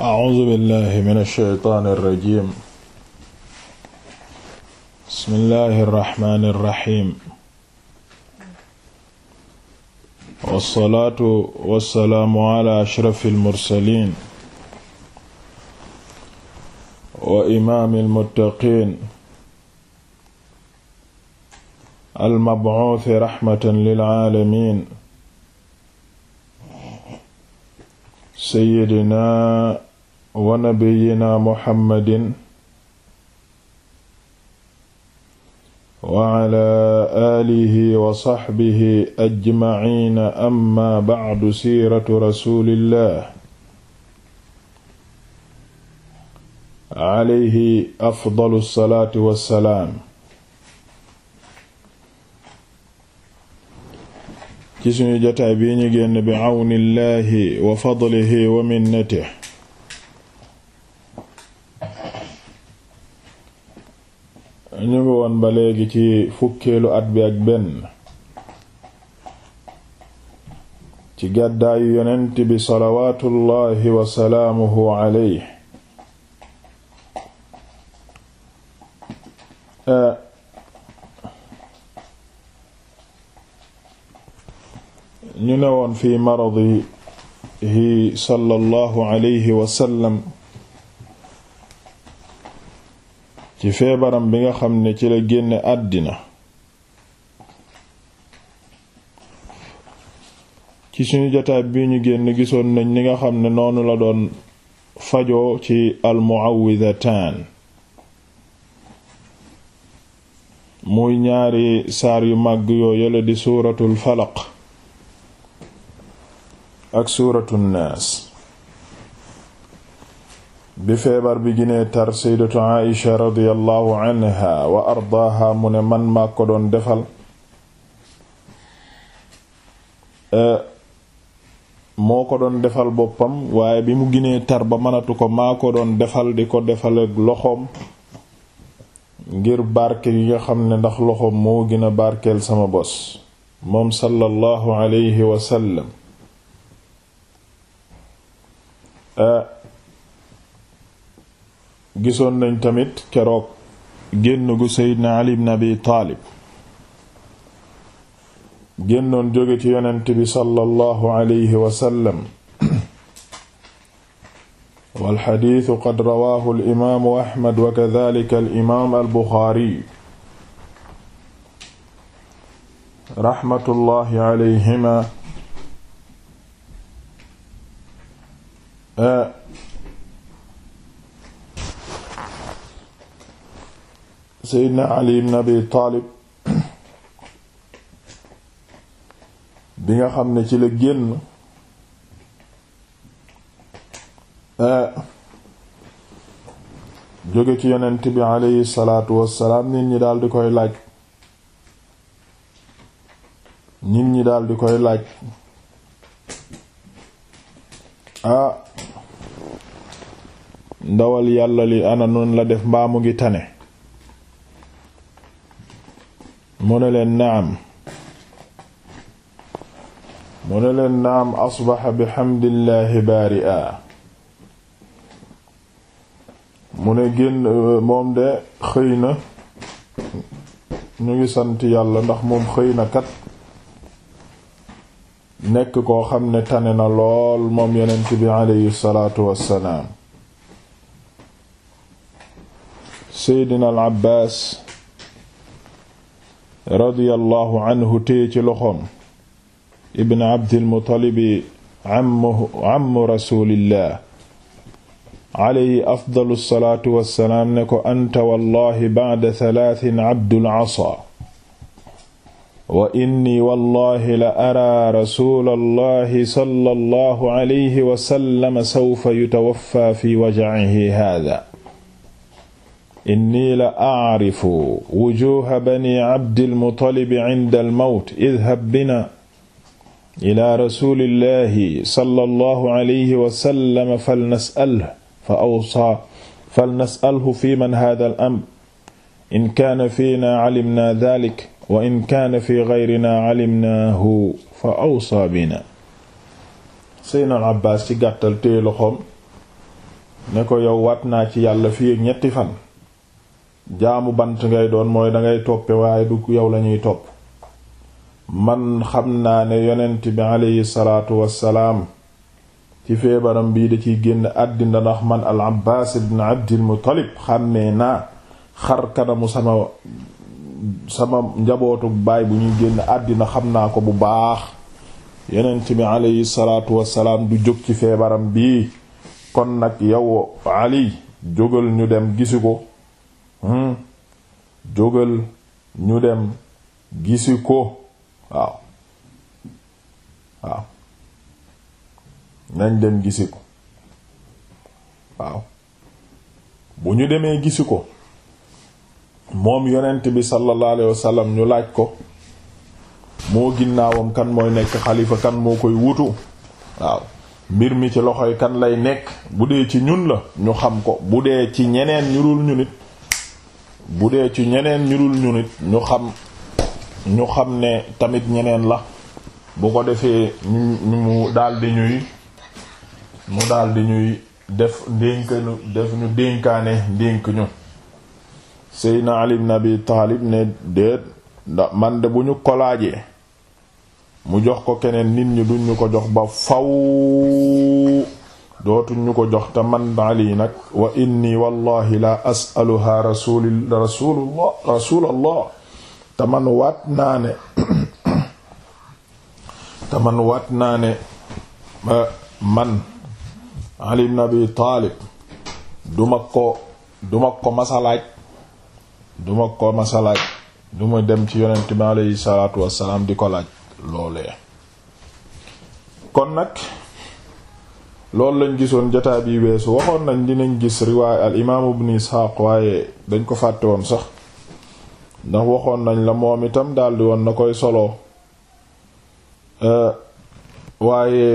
a'uuzu billahi mina shaytaani rajiim bismillahi rahmaani rahiim wassalaatu wassalaamu ala ashrafil mursaliin wa imaamil muttaqiin al mab'uusi rahmatan lil aalamiin seyyidina wa nabiyina muhammadin wa ala aalihi wa saxbihi ajmaciina amma bacdu siiratu rasulillah alayhi afdalu salaatu wa salaam ci suñu jotaay bii ñu génn bi àwnillaahi wa fadlihi wa ñu ngi woon ba léegi ci fukkeelu at bi ak benn ci gàddaayu yonent bi salawaatullaahi wa salaamuhu alayhi ñu woon fi maradihi sallallahu alayhi wa sallam ci feebaram bi nga xam ne ci la génne àddina ci suñu jotaay bi ñu génn gisoon nañ li nga xam ne noonu la doon fajoo ci almuawwidataan muy ñaari saar yu màgg yoo yële di suuratul falaq ak suuratu nnaas bi feebar bi ginee tar saydatu aisha radiyallahu anha wa ardaaha mu ne man maa ko doon defal eh, moo ko doon defal boppam waaye bi mu ginee tar ba mënatu ko maa ko doon defal di ko defal ak loxoom ngir barke yi nga xam ne ndax loxoom moo gën a barkeel sama bos moom sallallahu alayhi wa Euh, gisoon nañ tamit keroog génn gu seydna ali ibn abi taalib génnoon jóge ci yonent bi sallallahu alayhi wasallam walxadiisu qad rawaahu alimaamu ahmad wa kadalika alimaam albuxaari raxmatullahi alayhima Uh, Seydina Ali ibn Abi Taalib bi nga xam ne ci la génn uh, jóge ci yonent bi aleyhi salaatu wassalaam nit ñi daal di koy laaj nit ñi daal di koy laaj ah ndawal yàlla li ana noon la def mbaa mu ngi tane mu ne leen naam mu ne leen naam asbaxa bihamdillaahi baari a mu ne génn moom de xëy na ñu ngi sant yàlla ndax moom xëy na kat nekk koo xam ne tane na lool moom yonent bi aleyhi salaatu wassalaam seydina al abbaas radiyallahu anhu téye ci loxoom ibn abdil muttalibi ammu ammu rasulillah alayhi afdalu salaatu wassalaam ne ko anta wallahi ba'da talaatin abdul asaa wa inni wallahi la araa rasulallahi sallallahu alayhi wa sallam sawfa yutawaffa fi waj'ihi haadha inni la aarifu wujuha bani abdilmutalibi inda almawt idhab bina ila rasulillahi sallallahu alayhi wa sallam falnasalhu fa awsaa falnasalhu fi man hada al amr in kaana fiina calimna dalik wa in kaana fi gayrina calimnaahu fa awsaa bina Seydina al Abbaas ci gàttal téye loxoom ne ko yow waat naa ci yàlla fii ñetti fan jaamu bant ngay doon mooy dangay toppe waaye du yow lañuy topp man xam naa ne yonent bi aleyhi salaatu wassalaam ci feebaram bii da ciy génn àddina ndax man al abbaas ibn abdil muttalib xàmmee naa xar kanamu sama sama njabootu baay bu ñuy génn àddina xam naa ko bu baax yonent bi aleyhi salaatu wassalaam du jóg ci feebaram bii kon nag yow Ali jógal ñu dem gisu ko Hmm. jógal ñu dem gisi ko waaw waaw nañ dem gisi ko waaw bu ñu demee gisi ko moom yenent bi sallallahu alayhi ñu laaj ko moo ginnaawam kan mooy nekk xalifa kan moo koy wutu waaw mbir mi ci loxoy kan lay nekk bu dee ci ñun la ñu xam ko bu dee ci ñeneen ñu dul ñu nit bu dee ci ñeneen ñu ñu nit ñu xam ñu xam ne tamit ñeneen la bu ko defee ñu mu daldi ñuy mu daldi ñuy def ndénk ñu def ñu dénkaane ndénk ñu Seydina Ali ibn Abi Taalib ne déet man de bu ñu kolaajee mu jox ko keneen nit ñi duñ ñu ko jox ba faw dootuñ ñu ko jox te man ali nag wa la asaluha rasuli rasulullah te man waat naa ne te man waat naa ne man ali ibn abi taalib duma ko duma ko masalaaj duma ko masalaaj duma dem ci yonent bi aleyhi salaatu wassalaam di ko laaj loolee kon nag loolu lañ gisoon jotaa bi weesu waxoon nañ dinañ gis riwaay al imaam ibn Isxaaq waaye dañ ko fàtte woon sax ndax waxoon nañ la moom itam daldi woon na koy solo eh, waaye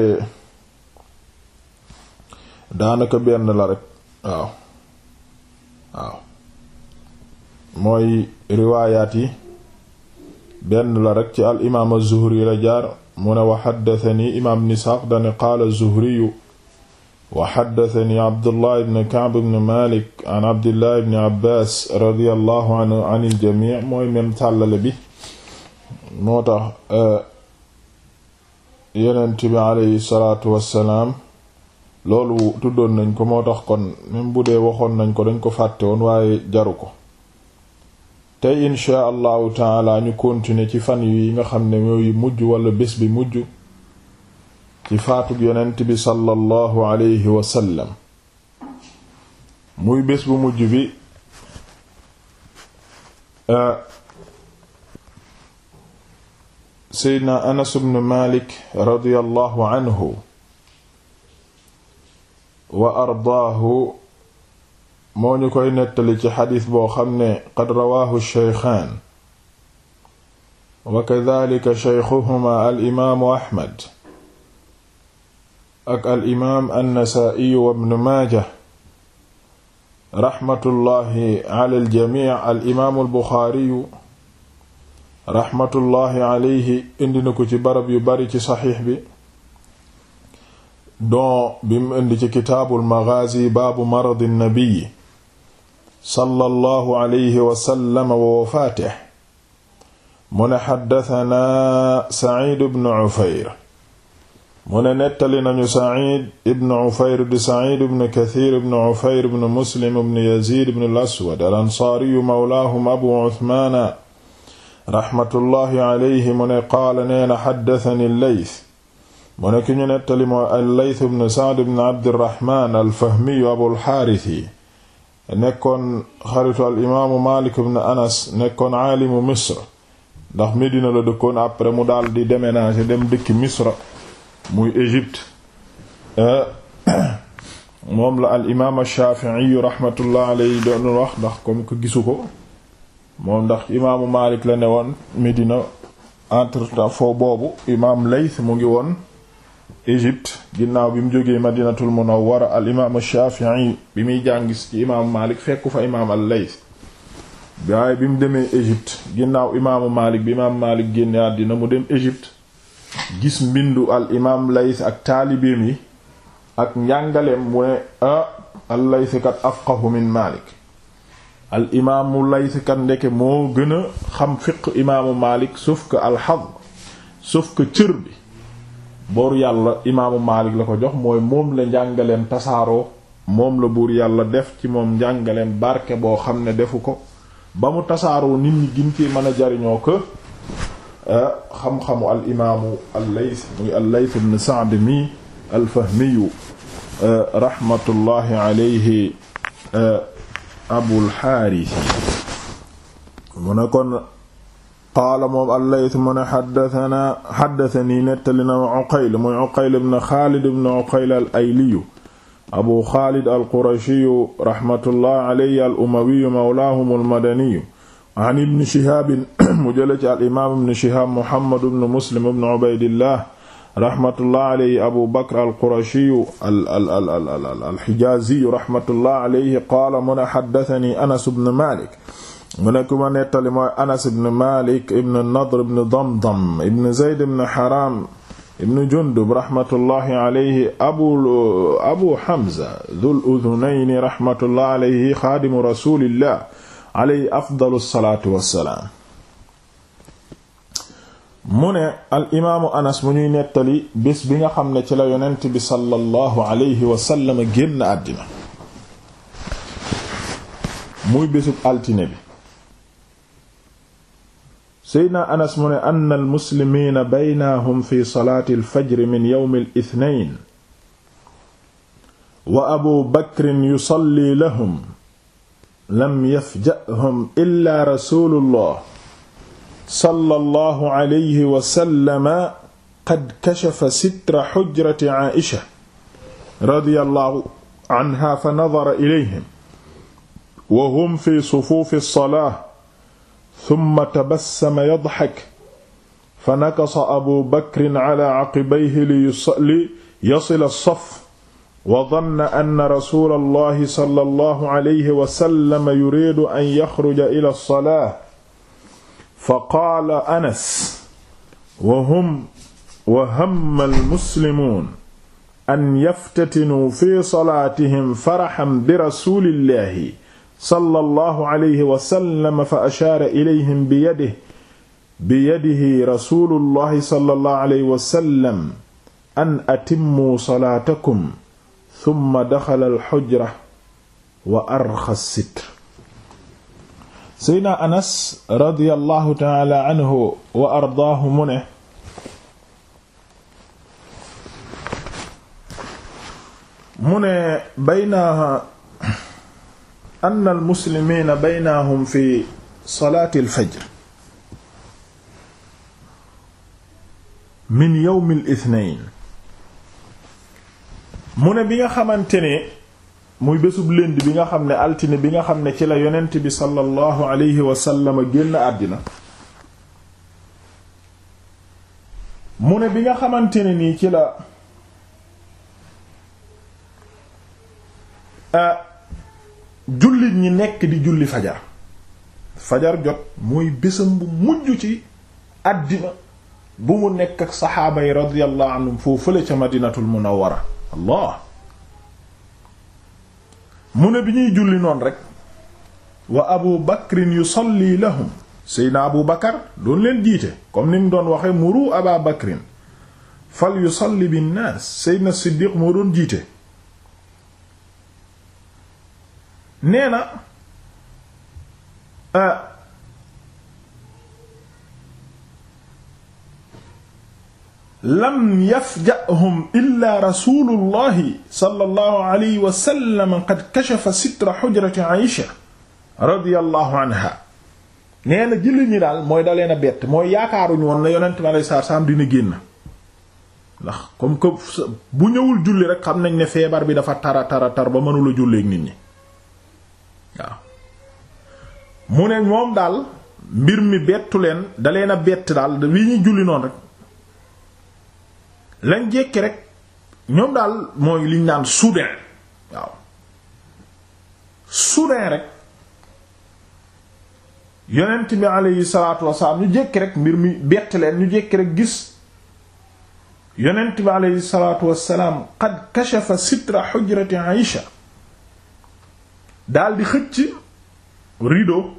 daanaka benn la rek waaw mooy riwaayaat yi benn la rek ci al imaam az-Zuhri la jaar mu ne wa haddathani imaam ibn Isxaaq dane qaala az wa xaddatani abdullah ibn kaab ibn malik an abdillah ibn abbas radiyallahu anhu an iljami mooy même tàllale bi moo tax euh, yonent bi aleyhi salaatu wassalaam loolu tuddoon nañ ko moo waxoon nañ ko dañ ko fàtte waaye jaru ko tey inchaa allahu taala ñu continuer ci fan yi nga xam ne mooy mujj wala bés bi mujj ci faatug yonent bi sallallahu alayhi wa sallam muy bés bu mujj bi eh, seydna anas bnu malik radiyallahu anhu wa ardaahu moo ñu koy nettali ci xadis boo xam ne qad rawaahu shaykhaan wa kadhalika shaykhuhuma al imaamu ahmad ak al imaam annasaa'i wa ibn maaja raxmatullahi ala aljamic al imaamu albuxaariyu raxmatullahi aleyhi indi na ko ci barab yu bari ci saxiix bi don bi mu indi ci kitaabul magaasi baabu maradi nnabiyi sallallahu alayhi wa sallam wa wafaatihi mu ne xaddatanaa saciid bnu cufayr mu nettali nañu Saciid ibn Cufayr di Saciid ibn Kasiir ibn Cufayr ibn Muslim ibn Yaziid ibn al-Aswad al-Ansaariyu Abu Usmaan raxmatullahi alayhi mu ne qaala nee na xaddatani Layth mu ne ki ñu nettali moo al-Layth ibn Sacd ibn Abdirraxmaan al-Fahmiyu Abulxaarisi nekkoon nekkoon caalimu Misr ndax Medina la mu daal di déménager dem dëkki Misra muy Égypte euh, moom la al imaam Shaafi'i rahmatullah alayhi doon wax ndax comme que gisu ko moom ndax imaamu Maalik la ne woon Medina entre-temps foo boobu imaam Layth mu ngi woon Égypte ginnaaw bi mu jógee Madinatul Munawwara al imaam Shaafi'i bi muy jàngis ci imaamu Maalik fekku fa imaam al Layth waaye bi mu demee Égypte ginnaaw imaamu Maalik bi imaamu Maalik génne àddina mu dem Égypte gis mbindu al imaam Layth ak taalibeem yi ak njàngaleem mu ne ah al Layth kat min Maalik al imaamu Layth ndeke moo gën a xam fiq imaamu Maalik sauf que alxad sauf cër bi boor yàlla imaamu Maalik la ko jox mooy moom la njàngaleem tasaaroo moom la buur yàlla def ci moom njàngaleem barke boo xam ne defu ko ba mu tasaaroo nit ñi gin ci mën jariñoo ko xam-xamu al imaamu al-Layth muy al-Layth ibn Sa'd mi al-Fahmi rahmatullahi alayhi Abul Haaris mu ne kon qaala moom al-Layth mu ne haddathana haddathani nettali na Uqayl muy Uqayl ibn Xaalid ibn Uqayl al-Ayli Abu Xaalid al-Qurashi rahmatullahi alayhi al-Umawi mawlaahum al-Madani an ibni shihaabin mu jële ci al imaam ibni shihaab muhammad ibnu muslim ibnu ubaydillah rahmatullah alayhi abu bakr al qurashiyu al al al al al al al hijaaziyu rahmatullah alayhi qaala mun haddathani anas ibnu malik mu nekk ma nettali mooy anas ibnu malik ibnu nadr ibnu damdam ibnu zayd ibnu haram ibnu jundub rahmatullahi alayhi abu abu hamza dhul udhunayni rahmatullahi alayhi xaadimu rasulillah alayhi afdalu salaatu wassalaam mu ne al imaamu anas mu bi nga xam ne ci la yonent bi sallallahu alayhi wa sallam génn àddina anas mu ne ann almuslimiina baynahum fi salaati alfajri min yowmi alithnain wa abu bakrin yusalli lahum lam yafja'hum illa rasulullah sallallahu alayhi wa sallam qad kashafa sitra hujrati Aisha radiyallahu anha fa nadara ilayhim wa hum fi sufuufi salaah thumma tabassama yadhak fa nakasa Abu Bakr ala aqibayhi li yasila as-saf wa danna anna rasuulallahi sallallahu alayhi wa sallam yuriidu an yaxruja ila salaah fa qaala anas wa hum wa hamma almuslimuun an yaftatinuu fi salaatihim faraxan bi rasuulillahi sallallahu alayhi wa sallam fa ashaara ilayhim biyadihi biyadihi rasuulullahi sallallahu alayhi wa sallam an atimmuu salaatakum thumma daxala alxujra wa arxa sitr seydna anas radiyallahu taala anhu wa ardaahu mu ne mu ne bayna anna almuslimiina baynahum fi salaati alfajr min yawmi alithnayn mu ne bi nga xamante ne muy bésub lënd bi nga xam ne altine bi nga xam ne ci la yonent bi sallallahu alayhi wa sallam génn àddina mu ne bi nga xamante ne nii ci la jullit ñi nekk di julli fajar fajar jot muy bésam bu mujj ci àddina bu mu nekk ak saxaaba yi radiyallahu anhum foofu la ca madinatul munawwara allah mu ne bi ñuy julli noonu rekk wa abu bakrin yusalli lahum seydna abu bakar doon leen jiite comme ni mu doon waxe muru aba bakrin fal yusalli bin naas seydna siddiq moo doon jiite nee na ah, lam yafja'hum illa rasulullahi sallallahu alayhi wa sallam qad kashafa sitra hujrati Aïcha radiyallahu anha nee na jëli ñi daal mooy dalee na bett mooy yaakaaruñu woon na yonent mi alayhi salaam dina génn ndax comme que bu ñëwul julli rek xam nañ ne feebar bi dafa tara tara tar ba mënula julleek nit ñi waaw mu ne moom daal mbir mi bettu leen dalee na bett daal wi ñuy julli noonu rek lañ jékki rek ñoom daal mooy liñ naan soudain waaw soudain rek yonent bi aleyhi salaatu wasalaam ñu jékki rek mbir mi bett leen ñu jékki rek gis yonent bi aleyhi salaatu wasalaam qad kashafa sitra xujrati Aïcha daal di xëcc rido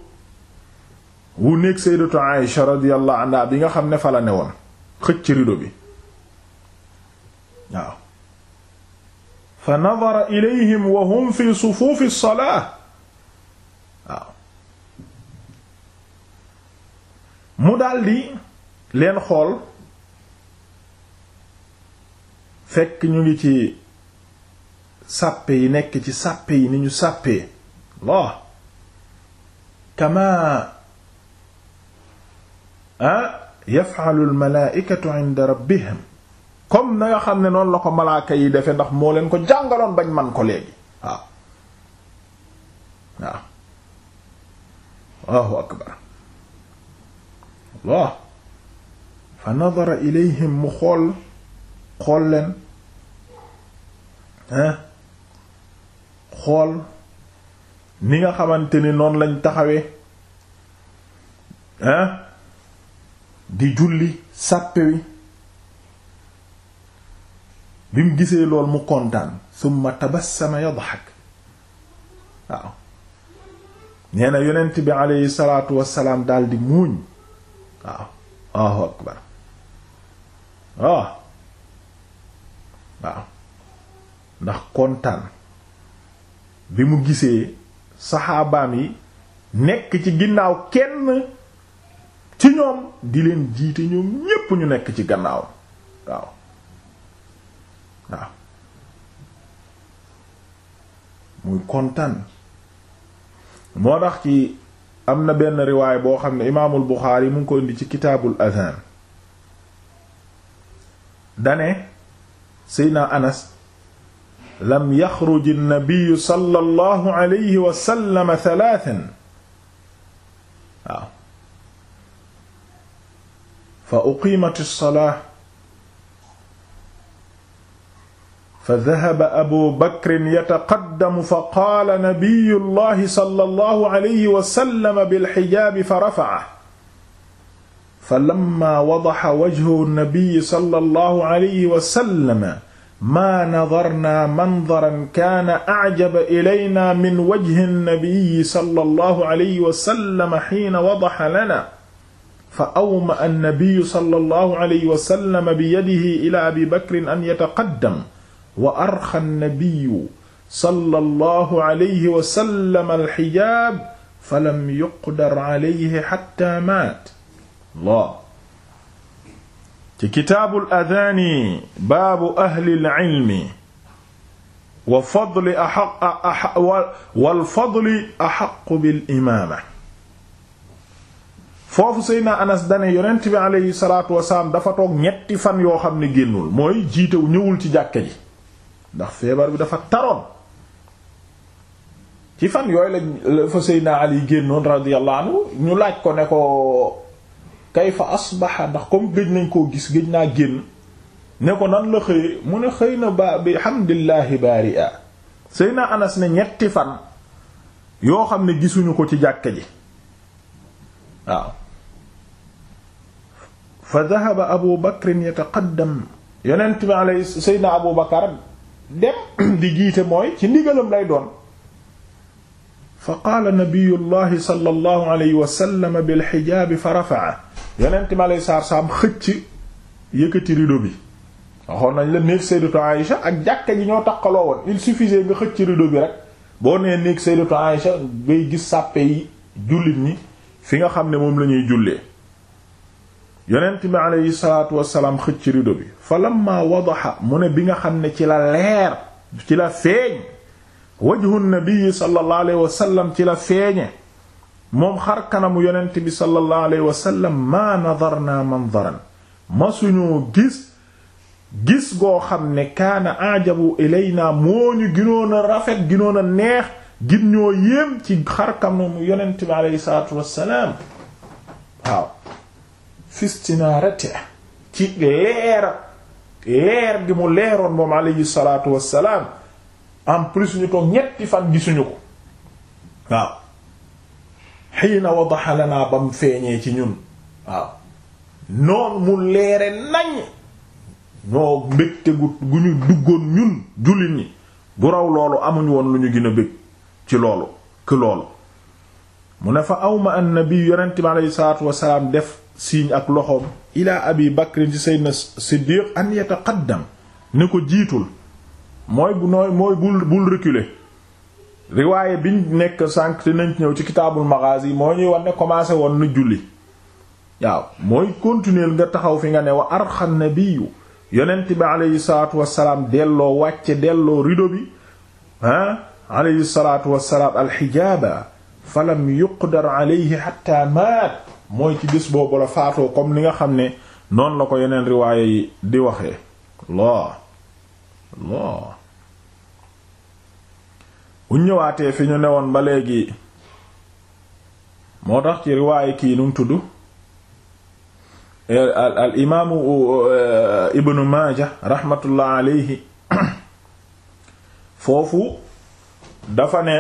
wu néeg sayyidatu Aïcha radiyallahu anha bi nga xam ne fa la ne woon xëcc rideau bi waaw fa nadara ilayhim wa hum fi sufuufi salaa waaw mu daldi leen xool fekk ñu ngi ci sàppe yi nekk ci sappe yi ni ñu sappe Allah kama ah, yaf'alu al-malaa'ikatu 'inda rabbihim comme na xam ne noonu la ko malaaka yi defe ndax moo leen ko jàngaloon bañ man ko léegi waaw waaw Allahu akbar Allah fa nadara ilayhim mu xool xool leen hein xool ni nga xamante ni noonu lañ taxawee hein di julli sàppe wi bi mu gisee lool mu kontaan summa tabassama yadhak waaw nee na yonent bi aleyhi salaatu wassalaam daldi muuñ ah. waaw ndax kontaan bi mu gisee saxaabaam yi nekk ci ginnaaw kenn ci ñoom di leen jiite ñoom ñépp ñu nekk ci gannaaw waaw waaw muy kontaan moo tax ci am na benn riwaay boo xam ne imaamul Buxaari mu ngi ko indi ci kitaabul azaan dane seydna anas lam yaxruj an-nabiy sallallahu alayhi wa sallam thalathan waaw fa uqimat as-salah fa dahaba abu bakrin yataqaddamu fa qaala nabiyu llahi sallallahu alayhi wa sallam bilxijaabi fa rafacahu fa lamma wadaxa wajhu nabiyi sallallahu alayhi wa sallam maa nadarnaa mandaran kaana acjaba ilaynaa min wajhi nabiyi sallallahu alayhi wa sallam xiina wadaxa lanaa fa awma'a nabiyu sallallahu alayhi wa sallam biyadihi ilaa abi bakrin an yataqaddam wa arxa nnabiyu sallallahu alayhi wa sallam alxijaab falam yuqdar Allah ci kitaabu adaani baabu ahli ilmi wa ah, foofu Seydina Anas dane yonent bi aleyhi salaatu wasalaam dafa toog ñetti fan yoo xam ne génnul mooy jiitew ñëwul ci jàkka ji ndax feebar bi dafa taroon ci fan yooyu lañ fa Seydina Ali génnoon radiyallahu ñu laaj ko ne ko kayfa asbaha ndax comme gëj nañ koo gis gëj naa génn ne ko nan la xëy mu ne xëy na ba bi hamdulillahi baria Seydina Anas ne ñetti fan yoo xam ne gisuñu ko ci jàkka ji waaw fa dhahaba Abu Bakr yataqaddam yonent bi alayhi Seydina Abu Bakar dem di jiite mooy ci ndigalam lay doon fa qaala nabiyullahi sallallahu alayhi wa sallam bil xijaabi fa rafa'a yonent mi alayhi salaatu salaam xëcc yëkkati rideau bi waxoon nañ la néeg sayyidatu Aïcha ak jàkka ji ñoo taqaloo woon il suffisait nga xëcc rideau bi rek boo nee néeg sayyidatu Aïcha ngay gis sàppe yi jullit ñi fi nga xam ne moom lañuy ñuy jullee yonent bi aleyhi salaatu wasalaam xëcc rido bi fa lamma mu ne bi nga xam ne ci la leer ci la feeñ wajhu nabii sallallahu alayhi ci la feeñe moom xar kanamu yonent bi sallallahu alayhi wasallam maa nadarnaa mandaran masuñoo gis gis goo xam ne kaana ajabu ilaynaa moo ñu ginoon rafet ginoon a neex gin ñoo yéem ci xar kanamu yonent bi aleyhi salaatu wasalaam fistinarate ci leera leer gi mu leeroon moom alayhi salaatu wassalaam en plus ñu toog ñetti fan gisuñu ko waaw xiina wadaxa lanaa ba mu feeñee ci ñun waaw noon mu leere nañ ñoo mbégte gu gu ñu duggoon ñun jullit ñi bu raw loolu amuñ woon lu ñu gën a ci loolu que loolu mu ne fa awma an nabi yonent bi alayhi salaatu wassalaam def siiñ ak loxoom ila abi bakrin ci sayyidina siddiq an yataqaddam ne ko jiitul mooy bu nooy mooy bul bul reculer riwaaye biñ nekk sànq te nañ ñëw ci kitaabul maghazi moo ñuy wan ne commencé woon na julli waaw mooy continuer nga taxaw fi nga ne wa arxa nabiyu yonent bi aleyhi salaatu wasalaam delloo wàcce delloo rido bi ah aleyhi salaatu wasalaam alxijaaba falam yuqdar aleyhi xatta maat mooy ci bis boobu la faatoo comme li nga xam ne noonu la ko yeneen riwaaya yi di waxee loo loo bu ñëwaatee fi ñu ne woon ba léegi moo tax ci riwaaya kii nu mu tudd al al imaamu uh, Ibnu Maaja rahmatullah alayhi foofu dafa ne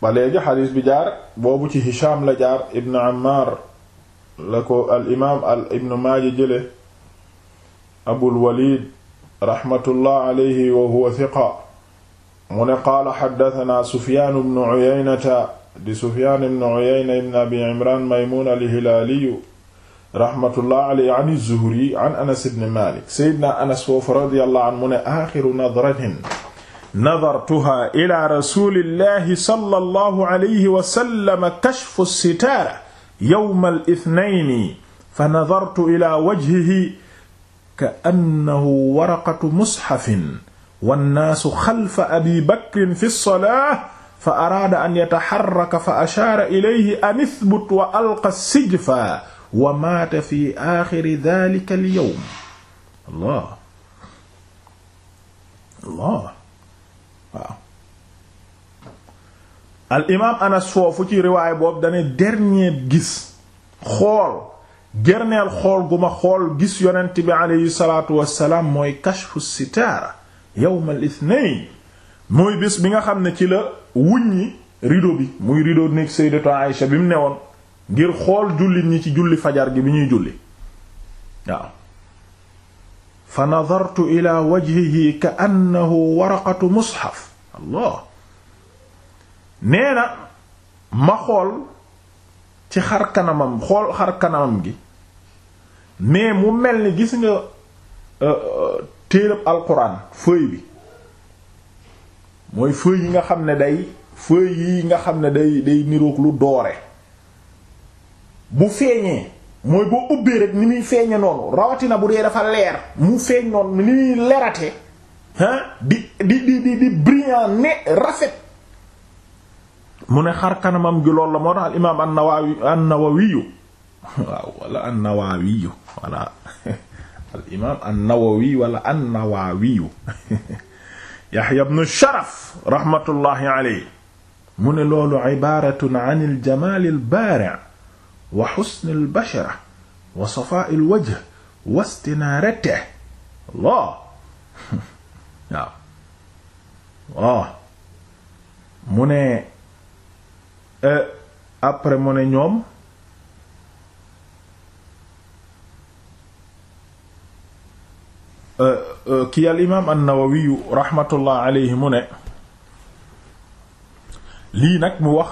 ba léegi xadiis bi jaar boobu ci Hisham la jaar Ibnu Ammar la ko al imaam al ibnu maaja jële abul walid raxmatullah alayhi wa huwa thiqa mu ne qaala xaddatanaa sufyaan ibnu uyaynata di sufyaan ibnu uyayna ibn abi imran maymuun alhilaaliyu raxmatullah alayhi an az-zuhri an anas ibn malik seydna anas foofu radiyallahu anhu mu ne axiru nadratin nadartuha ila rasulillahi sallallahu alayhi wa sallam kashfu sitaara yawma al-ithnayni fa nadartu ila wajhihi ka'annahu waraqatu mushafin wannaasu xalfa abi bakrin fi as-salaah fa araada an yataxarraka fa ashaara ilayhi an ithbut wa alqa sijfa wa maata fi aaxiri daalika al-yawm allah allah waaw al imaam anas foofu ci riwaay boobu dane dernier gis xool gerneel xool gu ma xool gis yonent bi aleyhi salaatu mooy kashfu sitaara yawm al mooy bés bi nga xam ne ci la wuññi rideau bi muy rideau nekk sayyidatu Aïsha bi mu ne woon ngir xool jullit ñi ci julli fajar gi bi ñuy julli waaw fa nadartu ila wajhihi ka annahu mushaf nee na ma xool ci xar kanamam xool xar kanamam gi mais mu mel ni gis nga euh, euh, téeram alquran feuille bi mooy feuille yi nga xam ne day feuille yi nga xam ne day day niroog lu doore bu feeñee mooy boo ubbee rek ni muy feeñe noonu rawatina bu dee dafa leer mu feeñ noonu ni muy lerate ah di di di di ne rafet mu ne xar kanamam gi loolu la moo tax al imaam an-Nawawi an-Nawawiyu waaw wala an-Nawawiyu wala al imaam an-Nawawi wala an-Nawawiyu Yahya ibn Sharaf rahmatullahi alayhi mu ne loolu ibaratun an al-jamaal al-baari' wa husn al-bashara wa safaa al-wajh wa istinaaratihi Allah waaw mu ne Euh, après mu ne ñoom euh, euh, kii al imaam an-Nawawi rahmatullah mu ne lii nag mu wax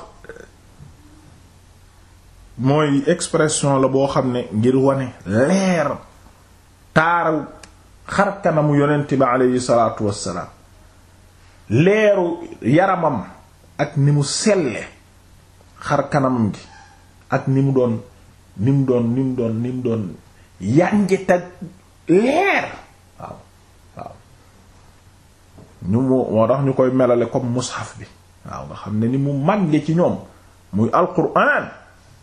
mooy expression la boo xam ne ngir wane leer taaru xar kanamu yonent bi aleyhi salaatu wassalaam leeru yaramam ak ni mu selle xar kanamam gi ak ni mu doon ni mu doon ni mu doon ni mu doon yànje tag leer waaw waaw ñu mu moo tax ñu koy melale comme mushaf bi waaw nga xam ne ni mu màgge ci ñoom muy alquran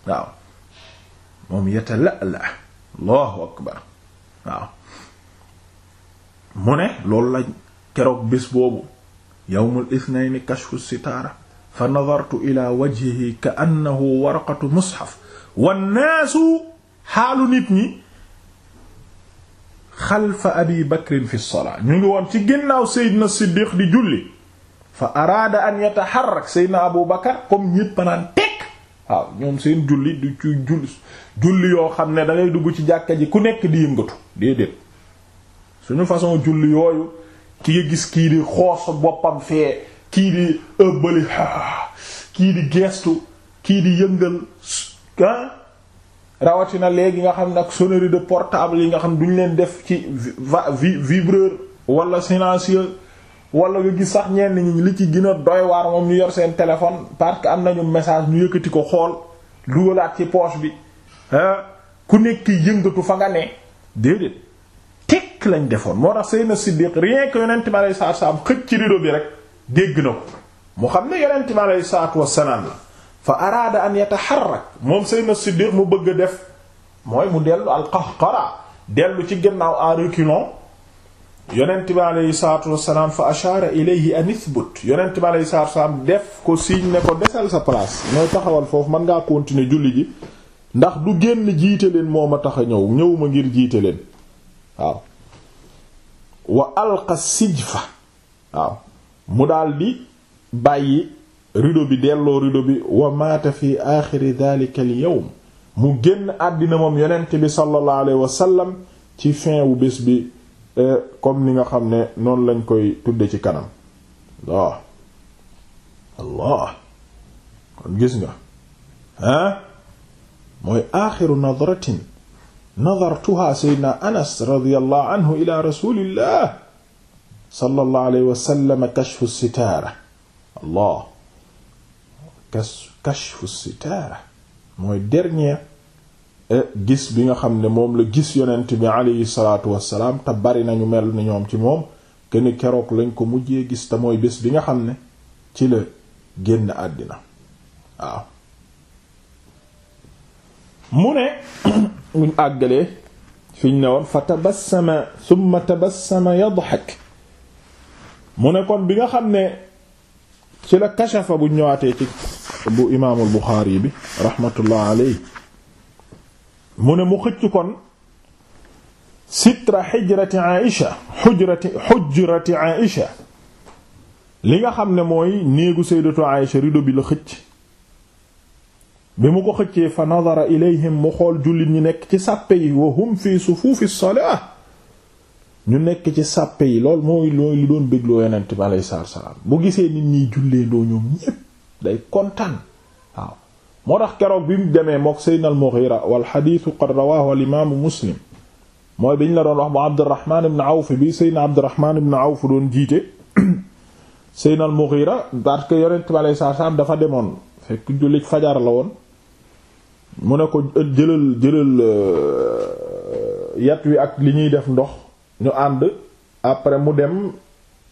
waaw moom la allahu akbar waaw mu ne loolu la keroog bés boobu yawmul ithnaini kashfu sitara fa nadartu ila wajhihi ka annahu waraqatu mushaf wannaasu xaalu nit ñi xalfa abi bakrin fi lsolaa ñu ngi woon ci ginnaaw seydna siddiq di julli fa araada an yataxarrak seydna abu bakar comme ñépp naan tekk waaw ñoom seen julli yoo xam ne dangay ngay dugg ci jàkka ji ku nekk di yëngatu déedéet suñu façon julli yooyu ki gis kii di xoos boppam fee kii di ëbbali kii di gestu kii di yëngal ah rawatina léegi nga xam ne ak sonnerie de portable yi nga xam duñ leen def ci vibreur walla silencieux wala nga gis sax ñeen ñi li ci gën a doy waar moom ñu yor seen téléphone parce que am nañu message ñu yëkkati ko xool dugalaat ci poche bi ah ku nekk yëngatu fa nga ne déedéet tekk lañ defoon moo tax Seydina Siddiq rien que yonent bi alayhi salaam xëcc ci rido bi rek. dégg na ko mu xam ne yonent mi aleyhi salaatu wassalaam la fa araada an yataharrak moom Seydina Siddiq mu bëgg a def mooy mu dellu alqahqara dellu ci gannaaw à reculons yonent bi aleyhi salaatu wassalaam fa ashaara ilayhi an ithbut yonent bi aleyhi salaatu wassalaam def ko signe ne ko desal sa place mooy taxawal foofu mën ngaa continuer julli ji ndax du génn jiite leen moo ma tax a ñëw ñëwuma ngir jiite leen waaw wa alqa sijfa waaw mu daldi bàyyi rido bi delloo rido bi wa maata fi aaxiri daalika al mu génn àddina moom yonent bi sallallahu alayhi wasallam ci fin wu bés bi e, comme ni nga xam ne noonu lañ koy tudde ci kanam waaw allah kon gis nga ah mooy aaxiru nadratin nadartuha sayyidina anas radiyallahu ila rasulillah sallallahu alayhi wa sallam kashfu sitaara allah mooy dernier e, gis bi nga xam ne moom la gis yonent bi alayhi salaatu wassalaam te bari nañu mel ni ñoom ci moom kenn keroog lañ ko mujjee gis te mooy bés bi nga xam ne ci la génn àddina waaw mu ne muñ àggalee fiñ ne woon fa tabassama thumma tabassama yadhak mu ne kon bi nga xam ne ci la kashafa bu ñëwaatee ci bu imaamul Buxaari bi rahmatullah alayhi mu ne mu xëcc kon sitra xijrati Aïcha xujrati xujrati Aïcha li nga xam ne mooy néegu sayyidatu Aïcha rido bi la xëcc bi mu ko xëccee fa nadara ilayhim mu xool jullit ñi nekk ci sàppe yi wa hum fi sufuufi salaa ñu nekk ci sàppe yi lool mooy looy li doon bégloo yonent bi alayhi salaam bu gisee nit ñiy julleendoo ñoom ñépp day kontaan waaw moo tax keroog bi mu demee mook Seydina al-Mughira wal xadiisu qad rawaahu al Muslim mooy bi ñu la doon wax mu Abdurrahman ibn Awf bi Seydina Abdurrahman ibn Awf doon jiite Seydina al-Mughira parce que yonent bi alayhi salaatu salaam dafa demoon fekk jullit fajar la woon mu ne ko jëlal jëlal euh, yat wi ak li ñuy def ndox ñu ànd après mu dem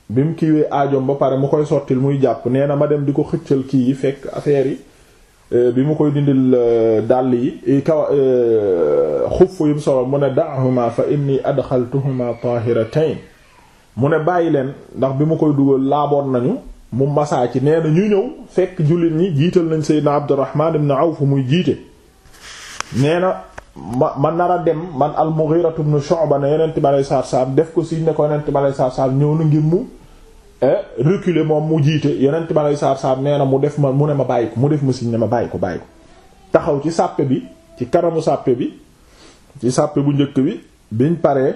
bi mu kiiwee aajoom ba pare mu koy sottil muy jàpp nee na ma dem di ko xëccal kii yi fekk affaire yi euh, bi mu koy dindil euh, dàll yi eh, kaw euh, xuff yim solo mu ne da'huma fa inni adxaltuhuma tahiratayn mu ne bàyyi leen ndax bi mu koy dugal laaboon nañu mu masaa ci nee na ñu ñëw fekk jullit ñi jiital nañ Seydina Abdurrahman ibn Awf muy jiite nee na ma ma nara dem man al-Mughira ibn Shu'ba ne yonent bi alayhi salaatu salaam def ko si ne ko yonent bi alayhi salaatu salaam ñëw na ngir mu eh, reculer moom mu jiite yonent bi alayhi salaatu salaam nee mu def ma mu ne ma bàyyi ko mu def ma si ne ma bàyyi ko bàyyi ko taxaw ci sàppe bi ci kanamu sàppe bi ci sàppe bu njëkk bi biñ paree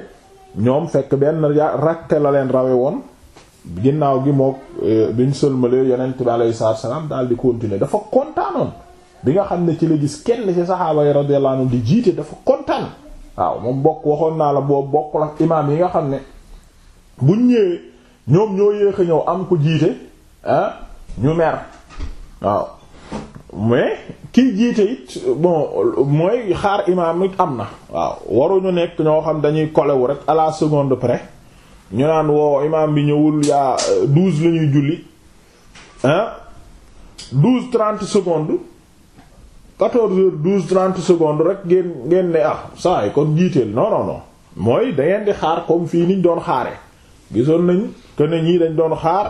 ñoom fekk benn rakk la leen rawe woon ginnaaw gi mook eh, biñ sëlmalee yonent bi alayhi salaatu salaam daal di continuer dafa kontaanoon. bi nga xam ne ci la gis kenn ci saxaaba yi radiyallahu anhu di jiite dafa kontaan waaw moom bokk waxoon naa la boo bokkul ak imaam yi nga xam ne buñ ñëwee ñoom ñoo yéex a ñëw am ko jiite ah ñu mer waaw mais kiy jiite it bon mooy xaar imaam it am na waaw waruñu nekk ñoo xam dañuy kolewu rek à la seconde près ñu naan woo imaam bi ñëwul yaa euh, douze la ñuy julli ah, douze trente secondes quatorze heures douze trente secondes rek ngeen ngeen ne ah saa yi kon jiiteel non mooy da ngeen di xaar comme fii niñ doon xaare gisoon nañ que ne ñii dañ doon xaar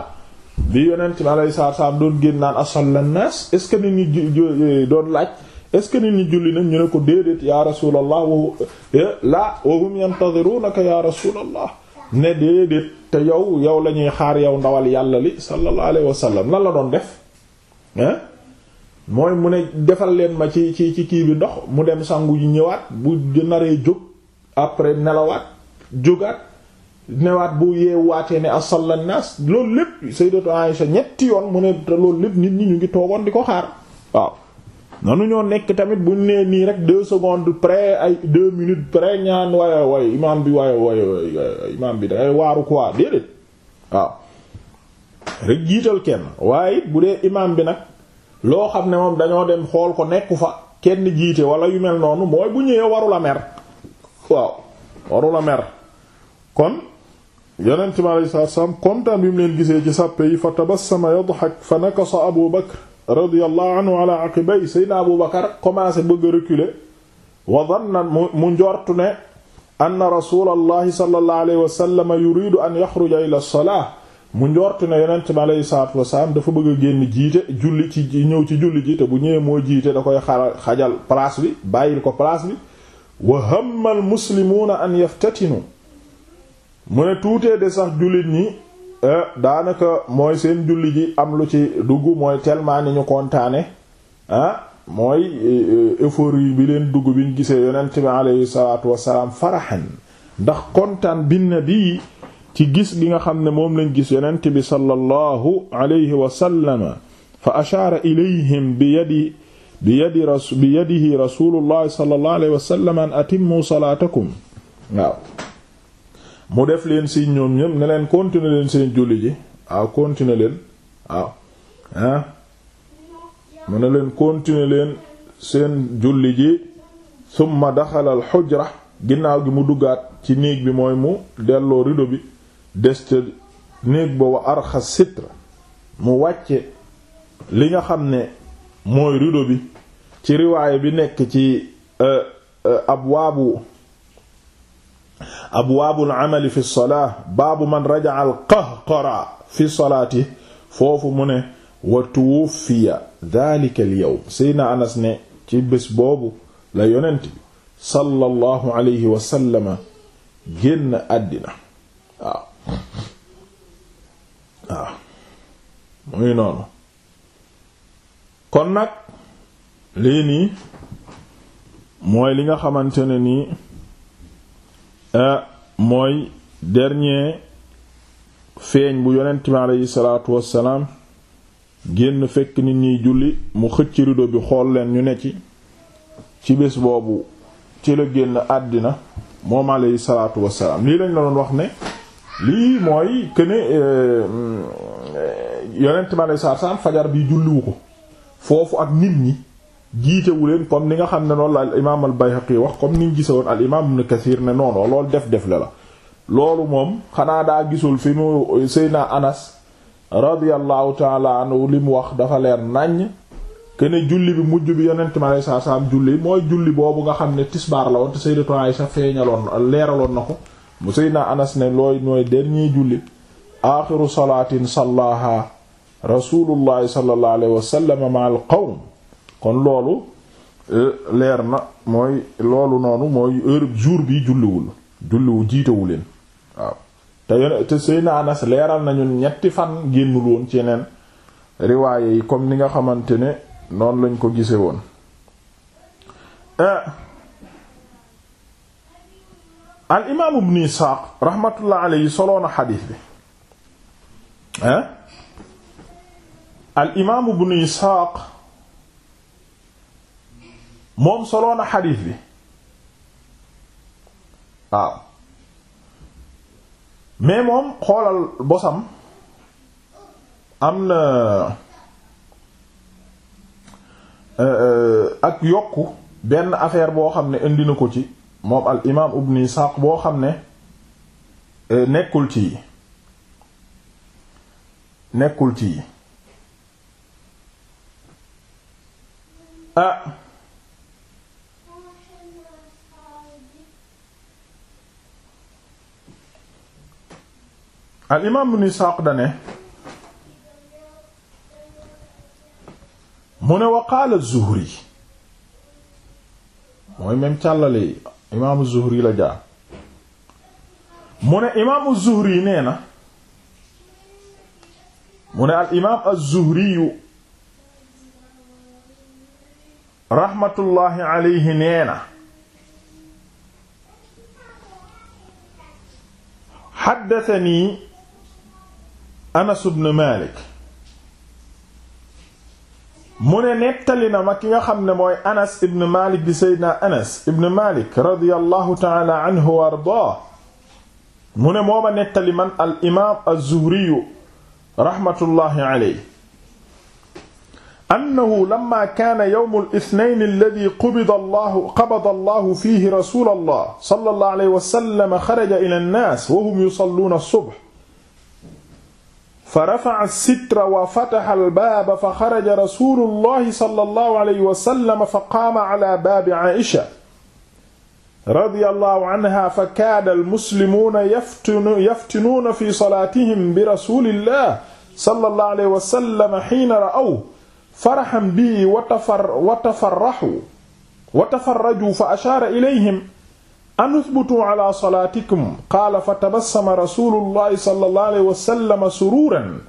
bi yonent bi alayhi salaatu salaam doon génn naan asalla naas est ce que nit ñi eh, doon laaj est ce que nit ñi julli nañ ñu ne ko déedéet ya rasulallah wa eh, la wa hum yantazirunaka ya rasulallah ne déedéet te yow yow la ñuy xaar yow ndawal yàlla li sallallahu alayhi wa sallam lan la doon def mooy mu ne defal leen ma ci ci ci kii bi ndox mu dem sangu ji ñëwaat bu naree jóg après nelawaat jógaat newaat bu yeewaatee ne asallan nas loolu lépp sayyidatu Aisha ñetti yoon mu ne te loolu lépp nit ñi ñu ngi toogoon di ko xaar waaw nanu ñoo nekk tamit buñ nee nii rek deux secondes près ay deux minutes près ñaan waaye waaye imaam bi waaye waaye imaam bi dangay waaru quoi déedéet waaw rek jiital kenn waaye bu dee imaam bi nag loo xam ne moom dañoo dem xool ko nekku fa kenn jiite wala yu mel noonu mooy bu ñëwee waru la mer waaw waru mer kon yonent mi alayhi salaatu salaam kontaan bi mu leen gisee ci sàppe yi fa tabassama yadhak fa nakasa Abu Bakr radiyallahu anhu Abu Bakr commencé bëgg a reculer wa dhanna mu njortu ne anna rasulallahi sallallahu alayhi wa sallam an yaxruja ila as mu njort ne yonent bi aleyhi salaatu wasalaam dafa bëgg a génn jiite julli ci ñëw ci julli ji te bu ñëwee moo jiite da koy xara xajal place bi bàyyil ko place bi wa hammal muslimuuna an yaftatinu mu ne tuutee de sax jullit ñi eh, daanaka mooy seen julli ji am lu ci dugg mooy tellement ni ñu kontaane ah mooy euphorie bi leen dugg bi ñu gisee yonent bi aleyhi salaatu wasalaam faraxan ndax kontaan bi nabi ci gis gi nga xam ne moom lañ gis yonent bi sallallahu alayhi wa sallama fa ashaara ilayhim bi yadi bi yadi rasu bi alayhi wa sallam an atimmu salaatakum waaw mu def leen si ñoom ñoom ne leen continuer leen seen julli ji waaw continuer leen waaw ah mu ne leen continuer leen seen julli ji summa daxala al xujra ginnaaw gi mu duggaat ci néeg bi mooy mu delloo rido bi des ca wa arxa sitra mu wàcce li nga xam ne mooy rido bi ci riwaaya bi nekk ci euh, euh, abwaabu abwaabul amali fi salaa baabu man raja'a al fi salaati foofu mu ne wa tuwuffiya dhalika al yawm boobu la yonent bi sallallahu alayhi wa sallama génn muy noonu kon nag lii nii mooy li nga xamante ne nii eh, mooy dernier feeñ bu yonent bi aleyhi salaatu wassalaam génn fekk nit ñiy julli mu xëcc rido bi xool leen ñu ne ci ci bés boobu ci la génn àddina moom aleyhi salaatu wassalaam lii lañ la doon wax ne lii mooy këne yonent ma lay saar saar fajar bi julliwu ko foofu ak nit ñi jiitewu leen comme ni nga xam ne noonu la al imaam al Bayhaqi wax comme ni ñu gisewoon al imaam Ibn Kathir ne noonu loolu def def la la loolu moom xanaa daa gisul fi mu Seyna Anas radiyallahu taala anhu li mu wax dafa leer nàññ kene julli bi mujj bi yonent ma lay saar saam julli mooy julli boobu nga xam ne tisbaar la woon te Sayyidatu Aisha feeñaloon leeraloon na ko mu Seyna Anas ne looy mooy dernier julli aaxiru salaatin sallaha rasulullahi sallallahu alayhi wasallam ma al qawm kon loolu e, leer na mooy loolu noonu mooy heure jour bi julliwul julliwu jiitewu leen waaw te yone Anas leeral nañu ñetti fan génnul woon ci yeneen riwaaye yi comme ni nga xamante ne noonu lañ ko gise woon e, al imaamu ibn Isaaq raxmatullah alayhi soloon a xadiis bi al imaam ibnu Isxaaq moom soloon na xadiis bi waaw mais moom xoolal bosam am na euh, euh, ak yokku benn affaire boo xam ne indi ko ci moom al imaam ibnu Isxaaq boo xam ne euh, nekkul ci nekkul ci. a ah. al imaam ibn Isaaq dane mu ne wa Zuhri mooy même càllale imaamu Zuhri la jaar mu ne imaamu Zuhri nee na mu ne al imaam raxmatullaahi alayhi nee na xaddatanii anas ibn maalik mu ne nettali na ma ki nga xam ne mooy anas ibn maalik di seydina anas ibn maalik radiyallahu taala anhu wa ardaa mu ne mooma nettali man al imaam az-zuhriyu raxmatullaahi alayhi annahu lamma kaana yawmul isnayni alladhi qubida allahu qabada allahu fiihi rasulallah sallallahu alayhi wa sallam xaraja ila nnaas wa hum yusalluuna subh fa rafa'a sitra wa fataha albaaba fa xaraja rasulullahi sallallahu alayhi wa sallam fa qaama ala baabi Aïcha radiyallahu anha fa kaada almuslimuuna yaftinuuna fi salaatihim bi rasulillah sallallahu alayhi wa sallam hiina ra'awhu faraxan bii wa tafar wa tafarraxu wa tafarraju fa ashaara ilayhim an uthbutu ala salaatikum qaala fa tabassama rasuulullahi sallallahu alayhi wa sallam suruuran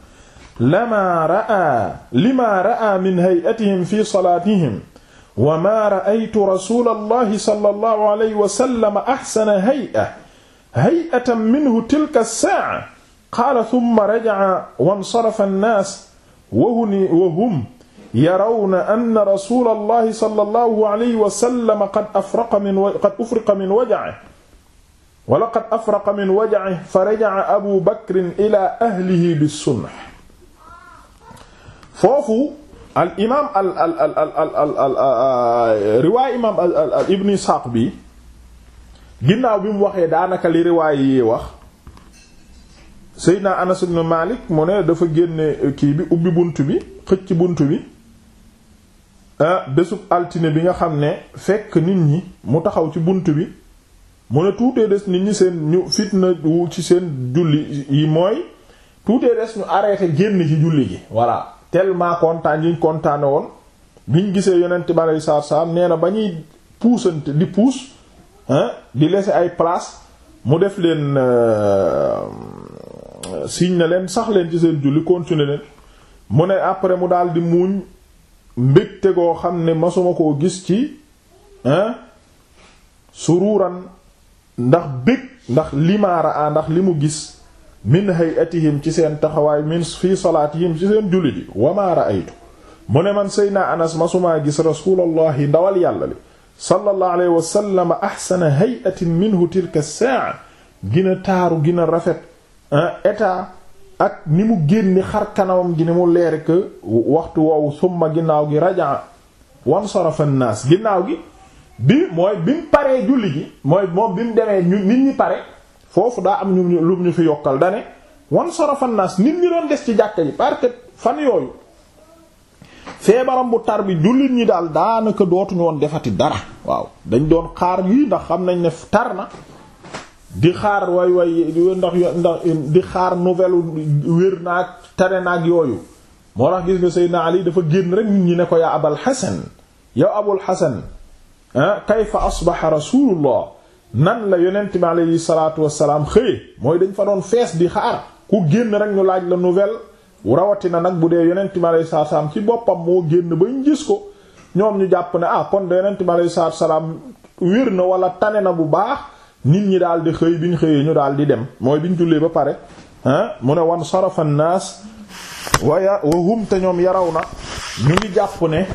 lama ra'a lima ra'a min hay'atihim fi salaatihim wa ma ra'aytu rasuulallahi sallallahu alayhi wa sallam ahsana hay'a hay'atan minhu tilka as-saa'a qaala thumma raja'a wa insarafa an-naas wa hum yarawna anna rasulallahi sallallahu alayhi wa sallam qad afraqa min qad ufriqa min waj'ihi wa laqad afraqa min waj'ihi fa raja'a Abu Bakr ila ahlihi bis-sunnah foofu al imaam al al al al al riwaay imaam Ibn Isxaaq bi ginnaaw bi mu waxee daanaka li riwaay yi wax Seydina Anas ibn Malik mu ne dafa génne kii bi ubbi bunt bi xëcc bunt bi. Ah, bésub altine bi nga xam ne fekk nit ñi mu taxaw ci bunt bi mu ne tuutee des nit ñi seen ñu fitna wu ci seen julli yi mooy tuutee des ñu arrêté génn ci julli gi voilà tellement kontaan yiñ kontaane woon biñ gisee yonent bi aleyhi salaatu salaam nee na ba ñuy puusante di puus di laisser ay place mu def leen euh, signe na leen sax leen ci seen julli continuer leen mu ne après mu daal di muuñ mbégte goo xam ne masuma koo gis ci hein suruuran ndax bég ndax limaara a ndax li mu gis min hayatihim ci seen taxawaay min fii salaatihim ci seen julli di wama raaytu mu ne man seydna anas masumaa gis rasulallahi ndawal yàlla li sallallahu alayhi wasallam ahsana hayatin minhu tilka saa gina taaru gina rafet état ak ni mu génne xar kanawam gi ni mu leer que waxtu woowu summa ginnaaw gi raja wansarafa naas ginnaaw gi bi mooy bi mu paree julli gi mooy moom bi mu demee ñu nit ñi pare foofu daa am ñu lu ñu fi yokkal dane wansarafa naas nit ñi doon des ci jàkka ji parce fan yooyu feebaram bu tar bi jullit ñi daal daanaka dootuñu woon defati dara waaw dañ doon xaar yi ndax xam nañ ne tar na di xaar way way ndax ndax di xaar nouvelle wér naag tane naag yooyu moo tax gis nga Seydina Ali dafa génn rek nit ñi ne ko yaa Abal Xasan yow Abul Xasan ah, kayfa asbaxa rasulullah nan la yonent bi aleyhi salaatu wasalaam xëye mooy dañ fa doon fees di xaar ku génn rek ñu laaj la nouvelle rawatina nag bu dee yonent bi aleyhi salaatu wasalaam ci boppam moo génn ba ñu gis ko ñoom ñu jàpp ne ah kon de yonent bi aleyhi salaatu wasalaam wér na wala tane na bu baax nit ñi daal di xëy bi ñu xëyee ñu daal di dem mooy bi ñu jullee ba pare ah mu ne wan sarafa naas waya wahum te ñoom yaraw na ñu ngi jàpp ne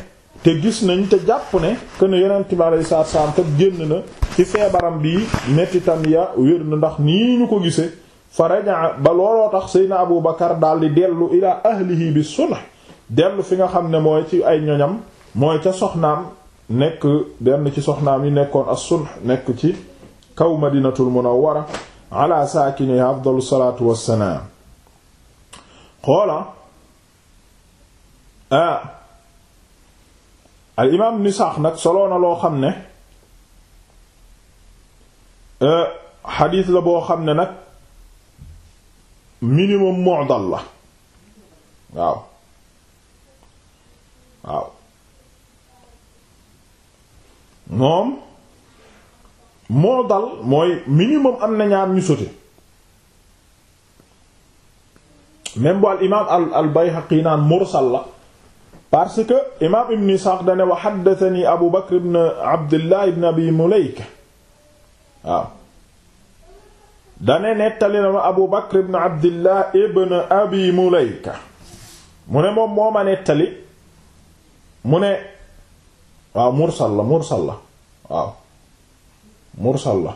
te gis nañ te jàpp ne que ne yonent bi alayhi salaatu te génn na ci feebaram bi mettitam ya wér na ndax nii ñu ko gisee fa raja ba looloo tax Seydina Abu Bakar daal di dellu ilaa ahlihi bi sunna dellu fi nga xam ne mooy ci ay ñoñam mooy ca soxnaam nekk benn ci soxnaam yi nekkoon as sunna nekk ci. kaw madinatul munawwara ala saakini afdalu salaatu wassalaam xoola ah al imaam nisaax nag soloo na loo xam ne xadiis la boo xam ne nag minimum mu'dal la waaw waaw moom moo dal mooy minimum am na ñaar ñu sote même al imaam al al Bayhaqi naan mursal la parce que imaam ibn Isaaq dane wa haddathani Abu Bakr ibn Abdullah ibn Abi Mulayka dane nettali na ma Abu Bakr ibn Abdullah ibn mu ne moom moo ma nettali mu ne waaw mursal la mursal la waaw mursal la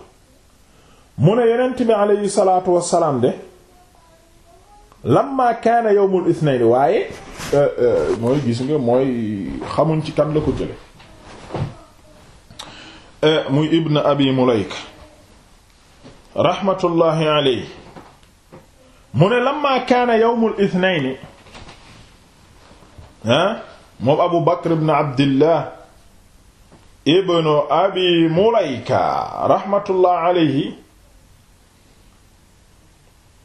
mu ne yonent bi aleyhi salaatu salaam de lamma kaana yawmul ithnayn waaye euh, euh, mooy gis nga mooy xamuñ ci kan la ko jële euh, muy ibn abi mulayka raxmatullaahi aleyhi mu ne lamma kaana yawmul ithnayn ha ah, moom abu bakr ibn abdillah ibnu abi mulayka raxmatullah alayhi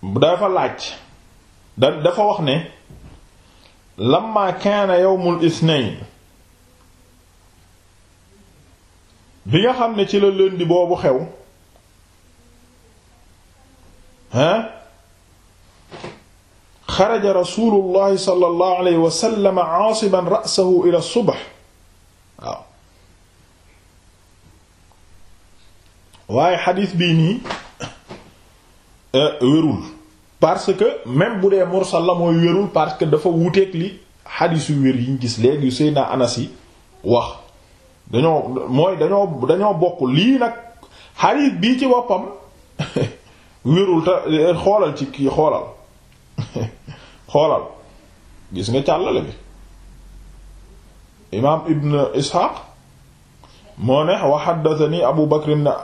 dafa laaj dafa wax ne lamma kaana yawmul isnayn bi nga xam ne ci la lundi boobu xew ah xaraja rasulullahi sallallahu alayhi wa sallam aasiban ila subh waaye xadiis bii nii euh, wérul parce que même bu dee mursal la mooy wérul parce que dafa wuteeg li xadiis yu wér yi ñu gis léegi Seydina Anas yi wax dañoo mooy dañoo bokk lii nag xadiis bii ci boppam wérul te euh, xoolal ci kii xoolal xoolal gis nga càllale bi imaam Ibn Ishaq moo ne wa haddathani abu bakr ibn uh,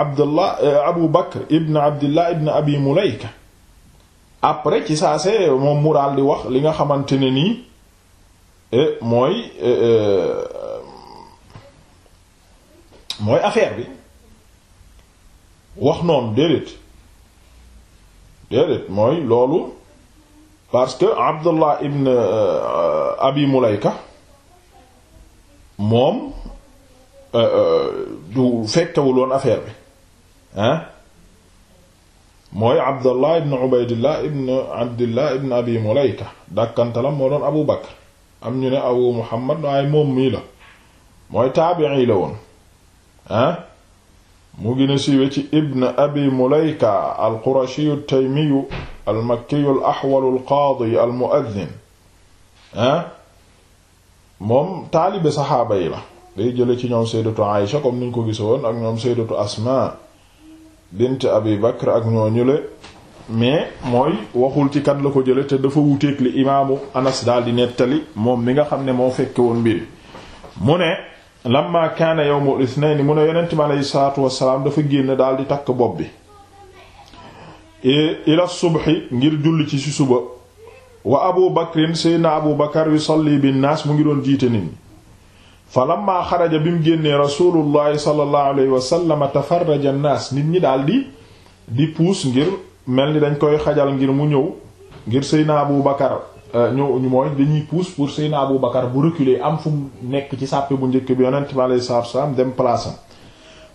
abdullah uh, abu bakr ibn abdullah ibn abi mulayka après ci saase moom mu daal di wax li nga xamante ne nii e, mooy e, e, mooy affaire bi wax noonu déedéet déedéet mooy loolu parce que abdullah ibn uh, abi mulayka moom Euh, euh, du fekkewul woon affaire bi ah mooy abdallah ibn ubaydillah ibn abdillah moo doon abu bakr am ñu ne abu muhammad waaye moom mii mooy taabi'i la woon ah mu gën a siiwe ci ibn abi al qurashiyu al taymiyu al makkiyu al ahwalu al qaadi al mu'adhdhin ah moom taalibe saxaaba yi la day jële ci ñoom sayyidatu Aïsha comme niñ ko gisoon ak ñoom sayyidatu Asma bint Abi Bakr ak ñoo ñële mais mooy waxul ci kat la ko jële te dafa wuteek li imaamu Anas daal di nettali moom mi nga xam ne moo fekke woon mbir mu ne lamma kaana yawmul isnayn mu ne yonent bi aleyhi salaatu wassalaam dafa génn daal di takk bopp bi ila subhi ngir julli ci si suba wa Abu Bakrin sayyidina Abu Bakar yusalli bin naas mu ngi jiite nit ñi fa lamma xaraja bi mu génnee rasulullahi sallallahu alayhi wa sallam tafarraja an-naas nit ñi daal di di puus ngir mel ni dañ koy xajal ngir mu ñëw ngir Seyna Abu Bakar euh, ñëw ñu mooy dañuy puus pour Seyna Abu Bakar bu reculer am fu mu nekk ci sàppe bu njëkk bi yonent bi alayhi salaatu wasalaam dem place am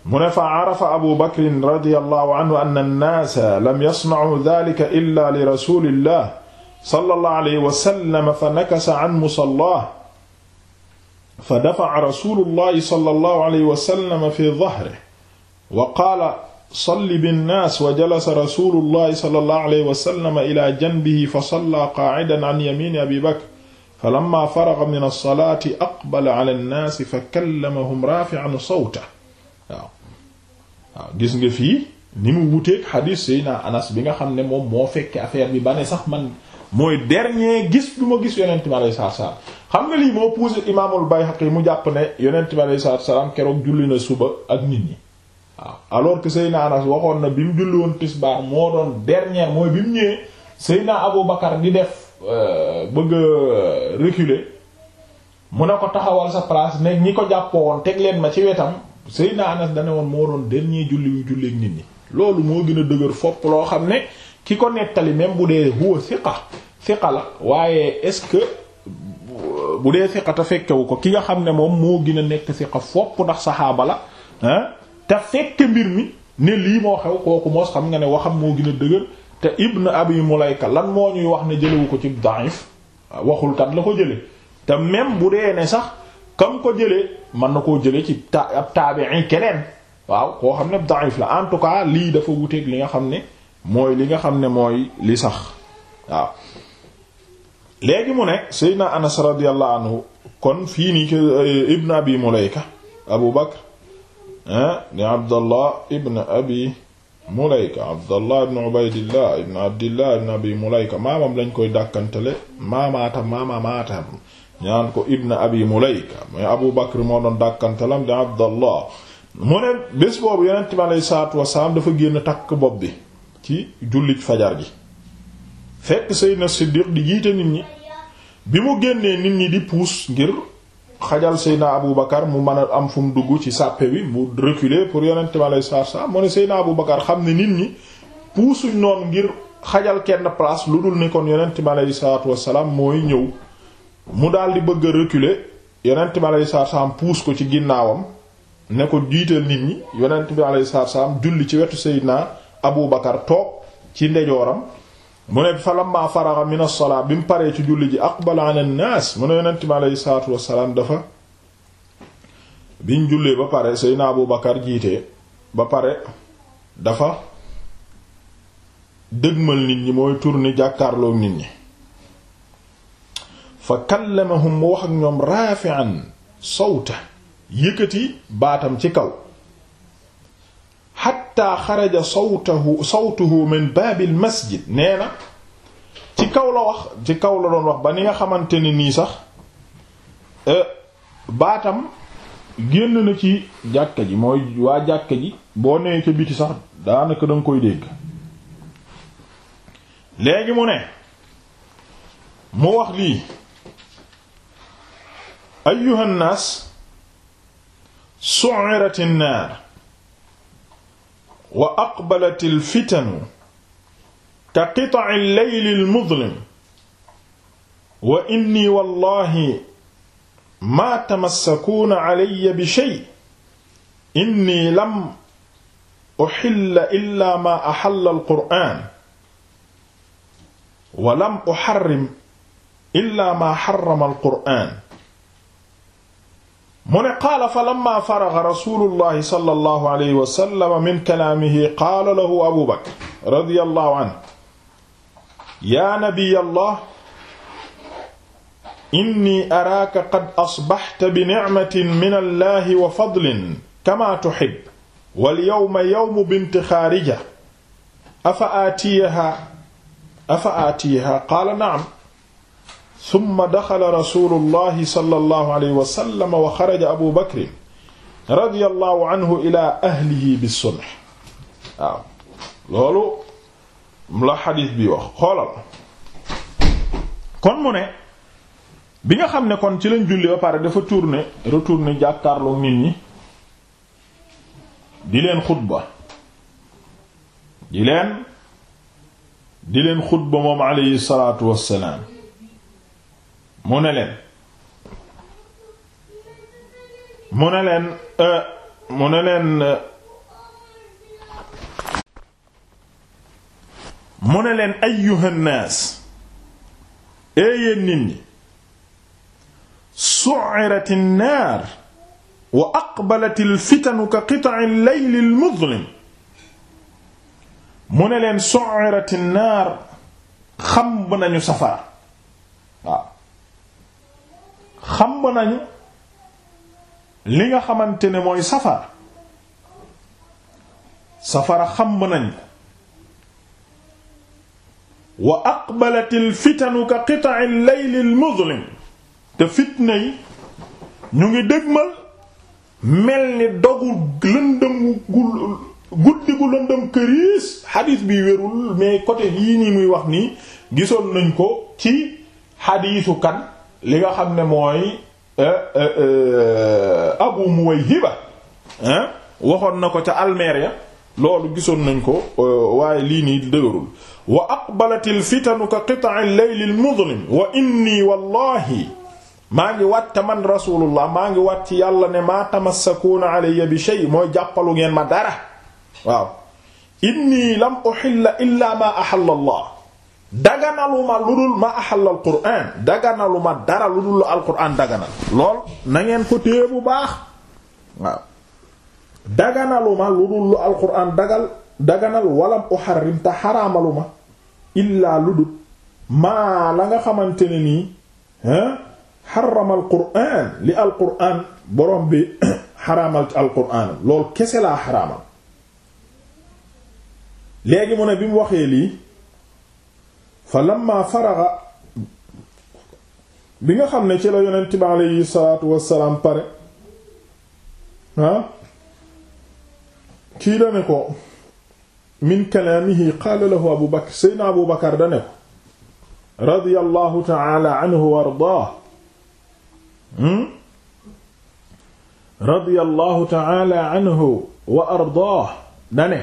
mu ne fa arafa Abu Bakr radiyallahu anhu anna an-naasa lam yasna'u dhaalika illaa li rasuulillah sallallahu alayhi wa sallam fa nakasa an musallah fa dafa'a rasuulullahi sallallahu alayhi wa sallam fi dhahrihi wa qaala salli binnaas wa jalasa rasuulullahi sallallahu alayhi wa sallam ilaa janbihi fa sallaa qaa'idan an yamiini abii bakr falammaa faraga mina salaati aqbala ala nnaasi fa kallamahum raafi'an sawtahu waaw waaw gis nga fii ni mu wuteeg xadiis Seydina Anas bi nga xam ne moom moo fekke affaire bi ba ne sax man mooy dernier gis lu ma gis yonent mi alayhi salaatu wa salaam xam nga lii moo poussé imaamul Bayhaqi mu jàpp ne yonent bi alayhi salaatu wa salaam keroog julli na suba ak nit ñi waaw alors que Seyna Anas waxoon na bi mu julli woon tisbaar moo doon dernière mooy bi mu ñëwee Seyna Abu Bakar di def euh, bëgg a reculer mu ko taxawal sa place ne ñi ko jàppoo woon teg leen ma ci wetam Seyna Anas da ne woon moo doon dernier julli wu julli ak nit ñi. loolu moo gën a dëgër fopp loo xam ne ki ko nettali même bu dee huwa siqa siqa la waaye est bu dee siqa te fekkewu ko ki nga xam ne moom moo gin a nekk siqa fopp ndax saxaaba la ah te fekke mbir mi ne lii moo xew kooku moos xam nga ne waxam moo gin a dëgër te ibn abi mulayka lan moo ñuy wax ne jëlewu ko ci daif ah, waxul kat la ko jële te même bu dee ne sax kam ko jëlee mën na koo jëlee ci ta ab keneen waaw koo xam ne daif la en tout cas lii dafa wuteeg li nga xam ne mooy li nga xam ne mooy li sax waaw léegi mu ne seydna anas radiyallahu anhu kon fii nii eh, ibn abi mulayka abu bakr ni eh, abdallah ibn abi mulayka abdallah ibn maamam lañ koy dàkkantele maamaatam maamamaatam ñaan ko ibn abi mulayka mooy abu bakr moo doon dàkkantelam di abdallah mu ne bés boobu yonent bi alayhi salaatu wasalaam dafa génn takk bopp bi ci jullit fajar gi fekk Seydina Siddiq di jiite nit ñi bi mu génnee nit ñi di puus ngir xajal Seydina Abu Bakar mu mën a am fu mu dugg ci sàppe wi mu reculer pour yonent ma lay saar sa mu ne xam ne nit ñi puusuñ noonu ngir xajal kenn place lu dul ni kon yonent mi aleyhi salaatu wassalaam mooy ñëw mu daal di bëgg a reculer yonent mi aleyhi salaatu wassalaam puus ko ci ginnaawam ne ko jiital nit ñi yonent mi aleyhi salaatu julli ci wetu Seydina Abu Bakar toog ci ndejooram mu ne falamma faraga min as bi mu paree ci julli ji aqbala ala an-naas mu ne yonent bi aleyhi salaatu wassalaam dafa biñ jullee ba pare Seydina Abu Bakar jiite ba pare dafa dëgmal nit ñi mooy tourner jàkkaarloo nit ñi fa kallamahum mu wax ak ñoom raafi'an sawta yëkkati baatam ci kaw xatta xaraja sawtuhu sawtuhu min baabil masjid nee na ci kaw la wax ci kaw la doon wax ba ni nga xamante ne nii sax euh, baatam génn na ci jàkka ji mooy waa jàkka ji boo nee ca biti sax daanaka danga koy dégg léegi mu ne mu wax lii ayyuhan naas su'irat wa aqbalat alfitanu ka qita'i al-layli al-muzlim wa inni wallahi ma tamassakuuna alayya bi shay inni lam uhilla illa ma ahalla al-qur'aan wa lam uharrim illa ma harrama al-qur'aan mu ne qaala fa lamma faraga rasulullahi sallallahu alayhi wa sallam min kalaamihi qaala lahu abu bakr radiyallahu anhu yaa nabiyallah inni araaka qad asbaxta binicmatin min allahi wa fadlin kama tuxib walyowma yowmu binti xaarija afa aatiyaha afa aatiyaha qaala nacam summa daxala rasulullahi sallallahu alayhi wa sallam wa xaraja abu bakrin radiyallahu anhu ila ahlihi bi sulh waaw loolu la xadiis bi wax kon mu ne bi nga xam ne kon ci lañ julli ba pare dafa tourner retourner jàkkaarloo nit ñi di leen xutba di leen di leen xutba moom alayhi salaatu wassalaam mu ne leen mu ne leen euh, mu ne leen euh, mu ne leen ayyuhannaas éeyéen nit ñi su'irat an-naar wa aqbalat al-fitan ka qita'i al-layl al-muzlim mu ne leen su'irat an-naar xamb nañu safara xam nañu li nga xamante ne mooy safar safara xam nañu wa aqbalat al fitanu ka qita'i al layl te fitna yi ñu ngi dëgmal mel ni dogu lëndëm guddi gu lëndëm këriis xadiis bi wérul mais côté yii nii muy wax nii gisoon nañ ko ci xadiisu li nga xam ne mooy eh, eh, eh, Abu Muwayhiba waxoon na ko ca Almeria loolu gisoon nañ ko waaye lii nii dëgërul wa aqbalatil fitanu ka qita'il laylil mudlim wa inni wallahi maa ngi waat te man rasulullah maa ngi waat ci yàlla ne maa tamassakuna alayya bi shay mooy jàppalu ngeen ma dara waaw inni lam uhilla illa ma ahalla Allah daganaluma lu dul ma axal al quraan daganaluma dara lu dul al quraan daganal lool na ko téye bu baax waaw daganaluma lu dul lu al quraan dagal daganal walam uxarrim te illaa lu dul maa la nga xamante ne nii xaramal quraan li al quraan borom bi xaraamal ci al quraan lool kese laa xaraamal léegi mu ne bi mu waxee lii fa lamma faraxa bi nga xam ne ci la yonent bi aleyhi salaatu wassalaam pare ah kii dane ko min kalaamihi qaala lahu abu bakar seydna abu bakar dane ko radiyallahu ta'ala anhu wa ardaah hmm? radiyallahu ta'ala anhu wa ardaah dane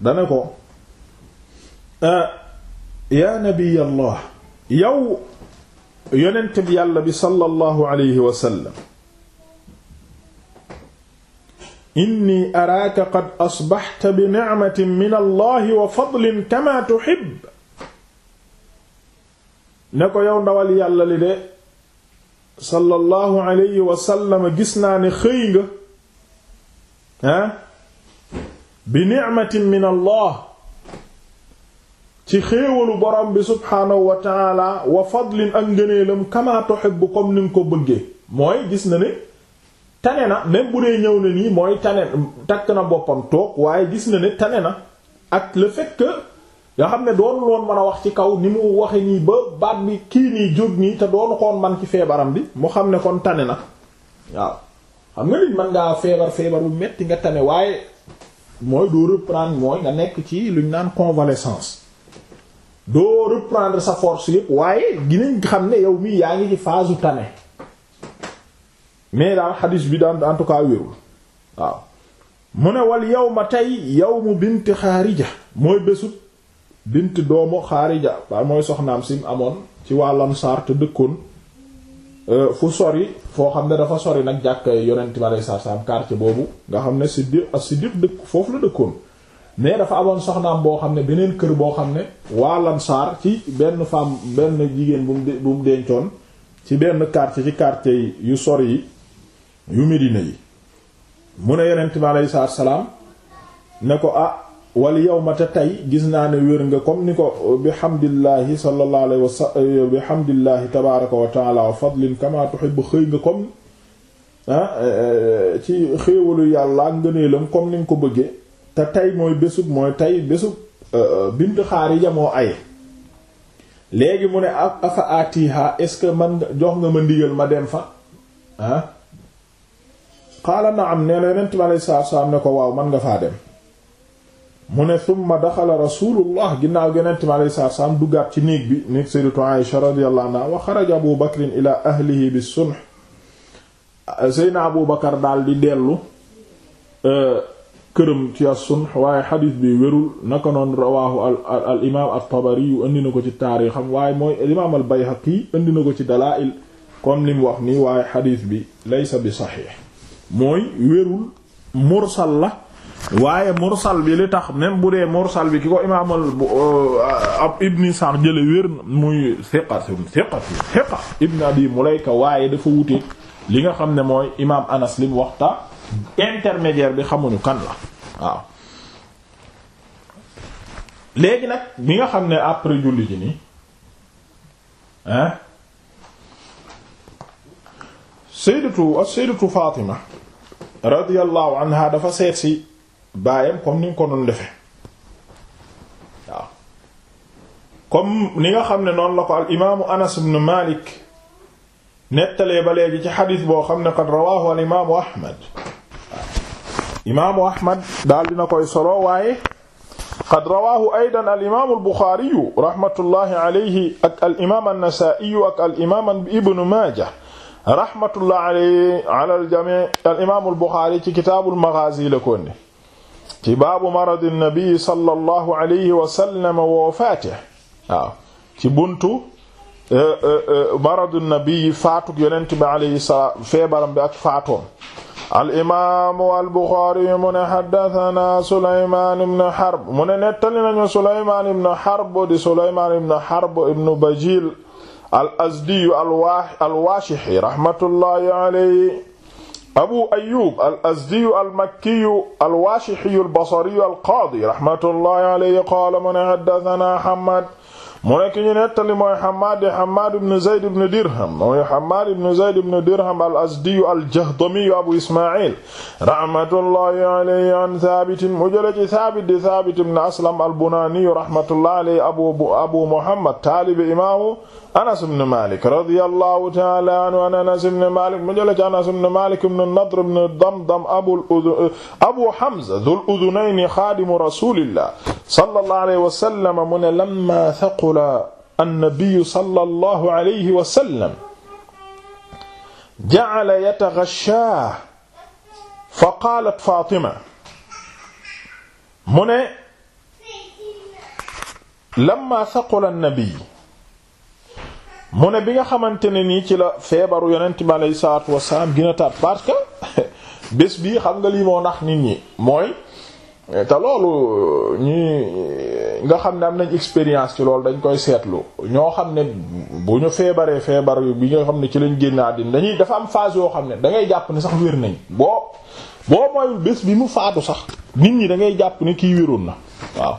dane ko eh, yaa nabiyallah yow yonent bi yàlla bi sallallahu alayhi wa sallam inni araaka qad asbaxta bi nicmatin min allahi wa fadlin kama tuxib ne ko yow ndawal yàlla li de sallallahu alayhi wa sallam gis naa ne xëy nga ah bi nicmatin min allah ci xéewalu borom bi subhaanahu wa taala wa fadlin ak ngëneelam kama tuhibbu comme ni nga ko bëggee mooy gis na ne tane na même bu dee ñëw na nii mooy tane takk na boppam toog waaye gis na ne tane na ak la fait que xam ne doonu loon mën a wax ci kaw ni mu waxe nii ba baat bi kii nii jóg nii te doonu koon man ci feebaram bi mu xam ne kon tane na waaw xam nga nit mën ngaa feebar feebar bu metti nga tane waaye mooy doo reprendre mooy nga nekk ci luñ naan convalescence doo reprendre sa force yëpp waaye dinañ xam ne yow mii yaa ngi ci phase tane mais daal xadiis bi daan en tout cas wérul waaw mu ne wal yow ma tey yow mu bint xaarija mooy bésub bint doomu xaarija waaye mooy soxnaam mu amoon ci wàllam saar te dëkkoon euh, fu sori foo xam ne dafa sori nag jàkk yonent bi aleyhi salaatu salaam quartier boobu nga xam ne Siddiq as-Siddiq dëkk foofu la dëkkoon mais dafa amoon soxnaam boo xam ne beneen kër boo xam ne waa Lansaar ci benn femme benn jigéen bu mu bu mu dencoon ci benn quartier ci quartier yu sor yi yu Medina yi mu ne yonent bi aleyhi salaatu ne ko ah wal yow ma te tey gis naa ne wér nga comme ni ko bihamdillahi sallallahu alayhi wa sallam bihamdillahi tabaaraka wa taala wa fadlin kama tuhibbu xëy nga comme ah, eh, eh, ci xéewalu yàlla ngëneelam comme ni nga ko bëggee te tey mooy bésub mooy tey bésub euh, euh, bint Xaarija moo aye léegi mu ne afa atiha est-ce que man jox nga ma ndigal ma dem fa ah qaala na'am nee na yonent bi alayhi ne ko waaw man nga faa dem mu ne thumma daxala rasulullah ginnaaw yonent bi alayhi salaatu salaam duggaat ci néeg bi néeg sayyidatu Aisha radiyallahu anha wa xaraja Abu Bakr ila ahlihi bis-sunh Seydina Abu Bakar daal di dellu euh, këram ci as-Sunh waaye xadis bi wérul naka noon rawaahu al al imaam at-Tabari indi na ko ci taarixam waaye mooy imaam al-Bayhaqi indi ko ci dalaa'il comme li mu wax nii waaye xadis bi laysa bi saxiix mooy wérul mursal la waaye mursal bi li tax même bu dee mursal bi ki ko imaam euh, ab ibni Sa'd jële wér muy thiqatun thiqatun thiqa ibn Abi Mulayka waaye dafa wuteeg li nga xam ne mooy imaam Anas li mu waxta intermédiaire bi xamuñu kan la waaw nag bi nga xam ne après julli ji nii hein sayyidatu as dafa seet si baayam comme ni nga ko doon defe waaw comme ni nga xam ne noonu la ko al imaamu Anas ibn Malik nettalee ba léegi ci xadiis boo xam ne qad rawaahu al imaamu Ahmad imaamu ahmad daal dina koy solo waaye qad rawaahu aydan al imaamu al buxaariyu rahmatullahi alayhi ak al imaam an-nasaa'iyu ak al imaam ibnu maaja rahmatullahi alayhi ala al jamii al imaam al buxaari ci kitaabul maghaazi la ko indi ci baabu maradi nabi sallallahu alayhi wa sallam wa wafaatihi waaw ci buntu Eh, eh, eh, maradu nabi faatuk yonent bi alayhi salaam feebaram bi ak faatoom al imaamu al buxaari mu ne haddasanaa Souleymane ibn Harb mu ne nettali nañu Souleymane ibn Harb di Souleymane ibn Harb ibn Bajiil al azdiyu al waashihi rahmatullahi alayhi abu ayyub al azdiyu al makkiyu al waashihi al basriyu al qaadi rahmatullahi alayhi qaala mu ne haddasanaa Hammaad mu nekk ñu nettali mooy Hammaad Hammaad ibn Zayd ibn Dirham mooy Hammaad ibn Zayd ibn Dirham al-Azdi al-Jahdami Abu Ismaa'il rahmatullahi alayhi an Thaabit mu jële ci Thaabit di Thaabit ibn Aslam al-Bunaani rahmatullahi alayhi Abu Abu Muhammad taalibi imaamu Anas ibn Malik radiyallahu ta'ala anhu an Anas ibn Malik mu jëlee ci Anas ibn Malik ibn Nadr ibn Damdam Abul Udhun Abu Hamza dhul udhunayni xaadimu rasulillah sallallahu alayhi wa sallam mu ne lamma thaqula an-nabiyyu sallallahu alayhi wa sallam ja'ala yataghashshaahu fa qaalat Faatima mu ne lamma thaqula an-nabiyyu mu ne bi nga xamante ne nii ci la feebaru yonent bi aleyhi salaatu wasalaam gina tar parce que bés bii xam nga lii moo nax nit ñi mooy te loolu ñi nga xam ne am nañ expérience ci loolu dañ koy seetlu ñoo xam ne bu ñu feebaree feebar bi nga xam ne ci lañ génn àddina dañuy dafa am phase yoo xam ne dangay jàpp ni sax wér nañ boo boo mooyul bés bi mu faatu sax nit ñi da ngay jàpp ni kii wéroon na waaw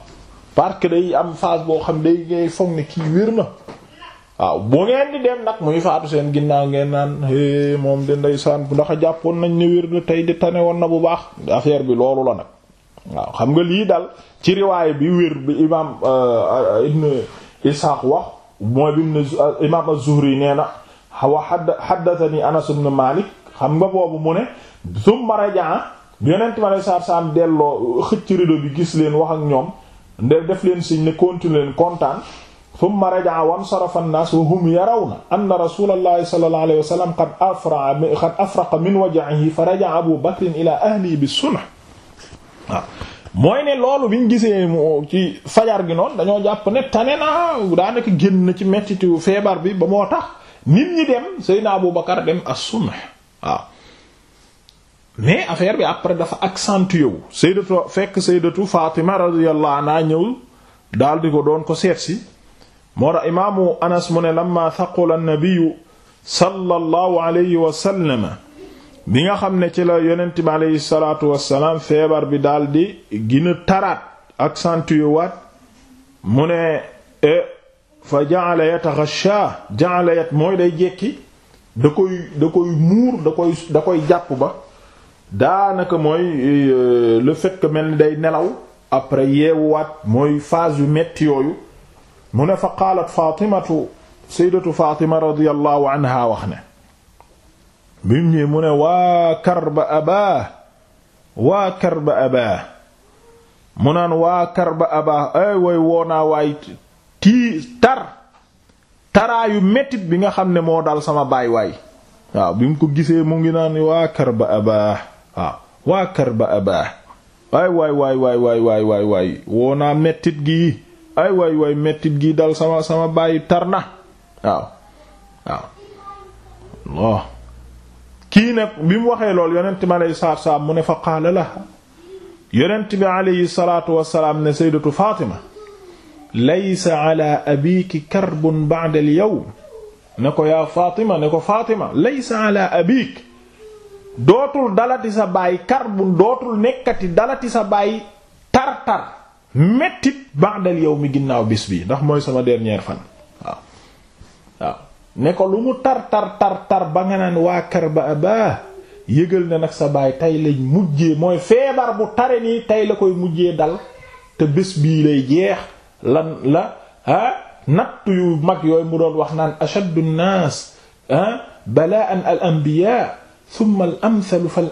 parce day am phase boo xam ne day ngay foog ne kii wér na waaw bu ngeen di dem nag muy faatu seen ginnaaw ngeen naan hé moom de ndeysaan ndax jàppoon nañ ne wér na tey di tane woon na bu baax affaire bi loolu la nag waaw xam nga lii daal ci riwaay bi wér bi imaam euh, ibn Isaaq wax mooy bi mu euh, na wa haddathani Anas xam nga boobu mu ne summa rajaa yonent ma ne saar saam delloo xëcc rido bi gis leen wax ak ñoom nde def leen siñ ne continuer leen kontaan thumma raja'a wa ansarafa an-naas wa hum yarawna anna rasuulallahi sallallahu alayhi qad afraqa min waj'ihi fa raja'a Abu Bakr ila ahlihi bis-sunnah waaw loolu biñ gisee mu ci fajar gi noonu dañoo jàpp ne tane na daanaka génn ci mettitu feebar bi ba moo tax nit dem Seydina Abu Bakar dem as-sunnah mais affaire bi après dafa accentué wu Sayyidatu fekk Sayyidatu Fatima radiyallahu anha ñëw daal di ko doon ko seet si moo tax imaamu anas mu ne lamma thaqula annabiyu sallallahu alayhi wa sallam bi nga xam ne ci la yonent bi aleyhi salaatu wassalaam feebar bi di gina taraat accentué waat mu ne e, fa ja'ala yataghasha ja'ala yat mooy day jekki da koy da koy muur da koy da koy jàpp ba daanaka mooy e, le fait mel ni day nelaw après yeewuwaat mooy phase yu metti yooyu mu ne fa qaalat fatimatu saydatu fatima radiyallahu anha wax ne bim ñi mu ne waa karba abaa waa karba abaa mu naan waa karba abaa ay way woonaa waay tii tar taraayu mettit bi nga xam ne moo dal sama baay waay waaw bi mu ko gisee mu ngi naan waa karba abaa waaw waa karba abaa waay waay waay waay waay waay waay woonaa mettit gi ay way way mettit gi dal sama sama bàyyi tar na waaw kii nag bi mu waxee lool yonent bi aleyhi salaatu wasalaam mu ne fa qaala la yonent bi aleyhi salaatu wasalaam ne sayyidatu Faatima laysa ala abiki karbun ba'da ne ko yaa Faatima ne ko Faatima laysa ala dootul dalati sa baay karbun dootul nekkati dalati sa baay tar tar mettit ba'dal yawmi ginnaaw bis bi ndax mooy sama dernier fan waaw ne ko lu mu tar tar tar tar ba nga naan waa kër ba abaa yëgal na nag sa baay tey lañ mujjee mooy feebar bu tare nii tey la koy mujjee dal te bés bii lay jeex lan la ah natt yu mag yooyu mu doon wax naan ashaddu nnaas balaan al anbiyaa thumma al amthal fal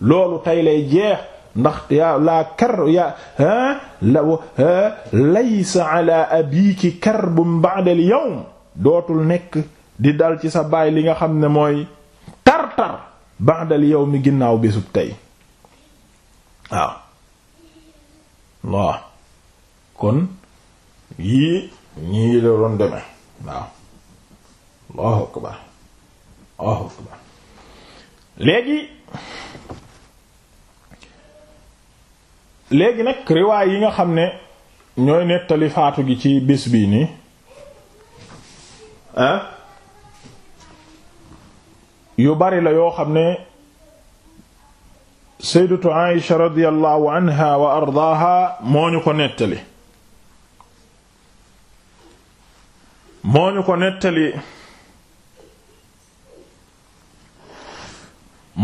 loolu tey lay jeex ndax yaa laa kar ya la laysa ala abiki karbun ba'da al yawm dootul nekk di dal ci sa baay li nga xam ne mooy tar-tar ba'da al yawm ginnaaw bésub tey waaw waaw kon yii ñii la doon demee waaw Allahu akbar Allahu akbar léegi léegi nag riwaay yi nga xam ne ñooy nettali faatu gi ci bés bii nii ah yu bari la yoo xam ne sayyidatu Aisha radiyallahu anha wa ardaaha moo ñu ko nettali moo ñu ko nettali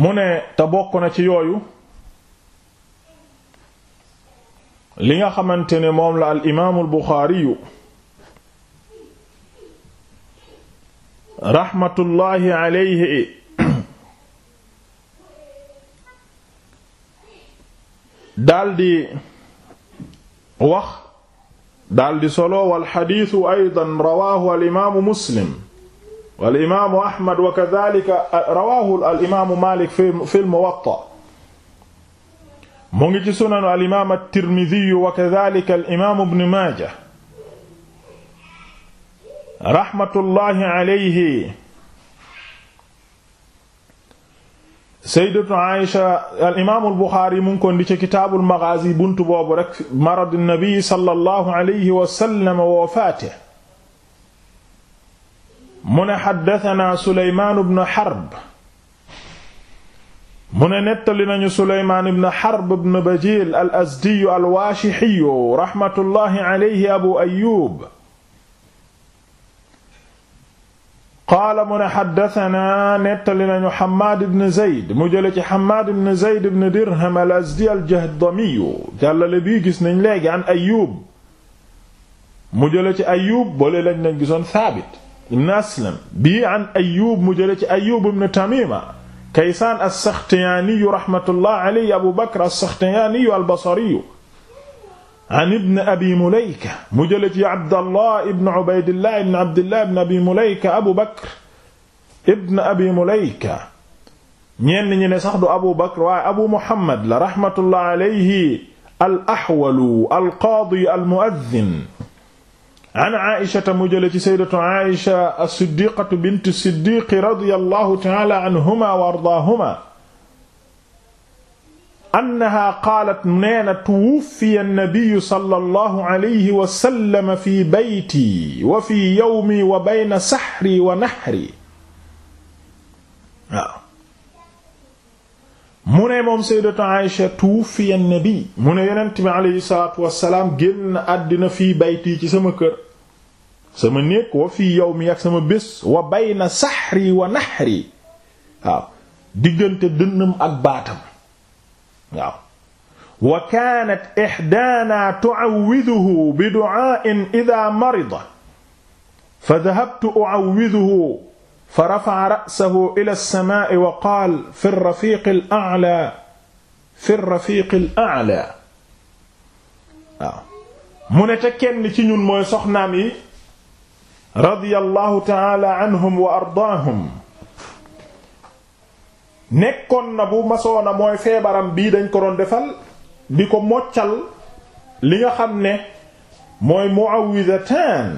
mu ne te bokk na ci yooyu li nga xamante ne moom la al imaamul buxaariyu raxmatullaahi alayhi daldi wax daldi solo wal xadiisu aydan rawaahu al imaamu muslim wal imaamu ahmad wa kadaalika rawaahu al imaamu maalik fil muwatta mu ngi ci sunanu al imaam at-Tirmidhi wa kadhalika al imaam ibn Maaja raxmatullahi alayhi sayyidatu Aisha al imaam al Buxaari mu ngi ko ndi ci kitaabul maghaazi buntu boobu rek marad an-nabi sallallahu alayhi wa sallam wa wafaatihi mu ne haddathanaa Sulaymaan ibn Harb mu ne nettali nañu Sulaymaan ibn Harb ibn Bajiil al-Azdiyu al-Waashihiyu rahmatullahi alayhi Abu Ayyuub qaala mu ne haddasanaa nettali nañu Hammaad ibn Zayd mu jële ci Hammaad ibn Zayd ibn Dirham al-Azdi al-Jahdamiyu jàllale bii gis nañ léegi an Ayyuub mu jële ci Ayyuub boole lañ nañ gisoon Saabit ibn Aslam bii an Ayyuub mu jële ci Ayyuub ibn Tamiima Kaysaan as-Saxtiyaaniyu rahmatullah alayhi Abu Bakr as-Saxtiyaaniyu al-Basriyu an ibn Abi Mulayka mu jële ci Abdallah ibn Ubaydillah ibn Abdillah ibn Abi Mulayka Abu Bakr ibn Abi Mulayka ñenn ñi ne sax du Abu Bakr waaye Abu Muhammad la rahmatullah alayhi al-Ahwalu al-Qaadi al-Mu'adhdhin an aishata mu jële ci saydatu aisha as-siddiqatu bint siddiqi radiyallahu ta'ala anhuma wa ardaahuma annaha qaalat neena tuwuffiya an-nabiyyu sallallahu alayhi wa sallam fi bayti wa fi yawmi wa bayna sahri wa nahri waaw mu ne moom sayyidatu Aïsha tuwuffiya an-nabi mu ne yonent bi alayhi salaatu wa salaam génn àddina fii bayti ci sama kër sama néeg wa fii yawmi ak sama bés wa bayna saxri wa naxri waaw diggante dënnam ak baatam waaw wa kaanat ixdaana tu'awwiduhu bi du'aa'in idhaa marida fa dahabtu u'awwiduhu fa rafa'a ra'sahu ilaa as-samaa'i wa qaala fi rafiiqi al-a'laa fi rafiiqi al-a'laa waaw mu ne te kenn ci ñun mooy soxnaam yi radiyallahu taala anhum wa ardaahum nekkoon na bu masoona mooy feebaram bii dañ ko doon defal di ko moccal li nga xam ne mooy muawwidataan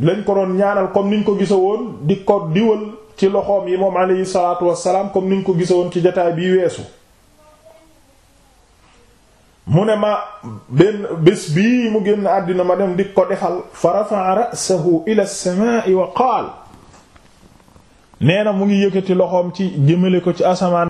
lañ ko doon ñaanal comme niñ ko gisa woon di ko diwal ci loxoom yi moom alayhi salaatu salaam comme niñ ko gisa woon ci jataay bii weesu mu ne ma benn bés bii mu génn àddina ma dem di ko defal fa rafa'a ra'sahu ila as wa qaal nee na mu ngi yëkkati loxoom ci jëmale ko ci asamaan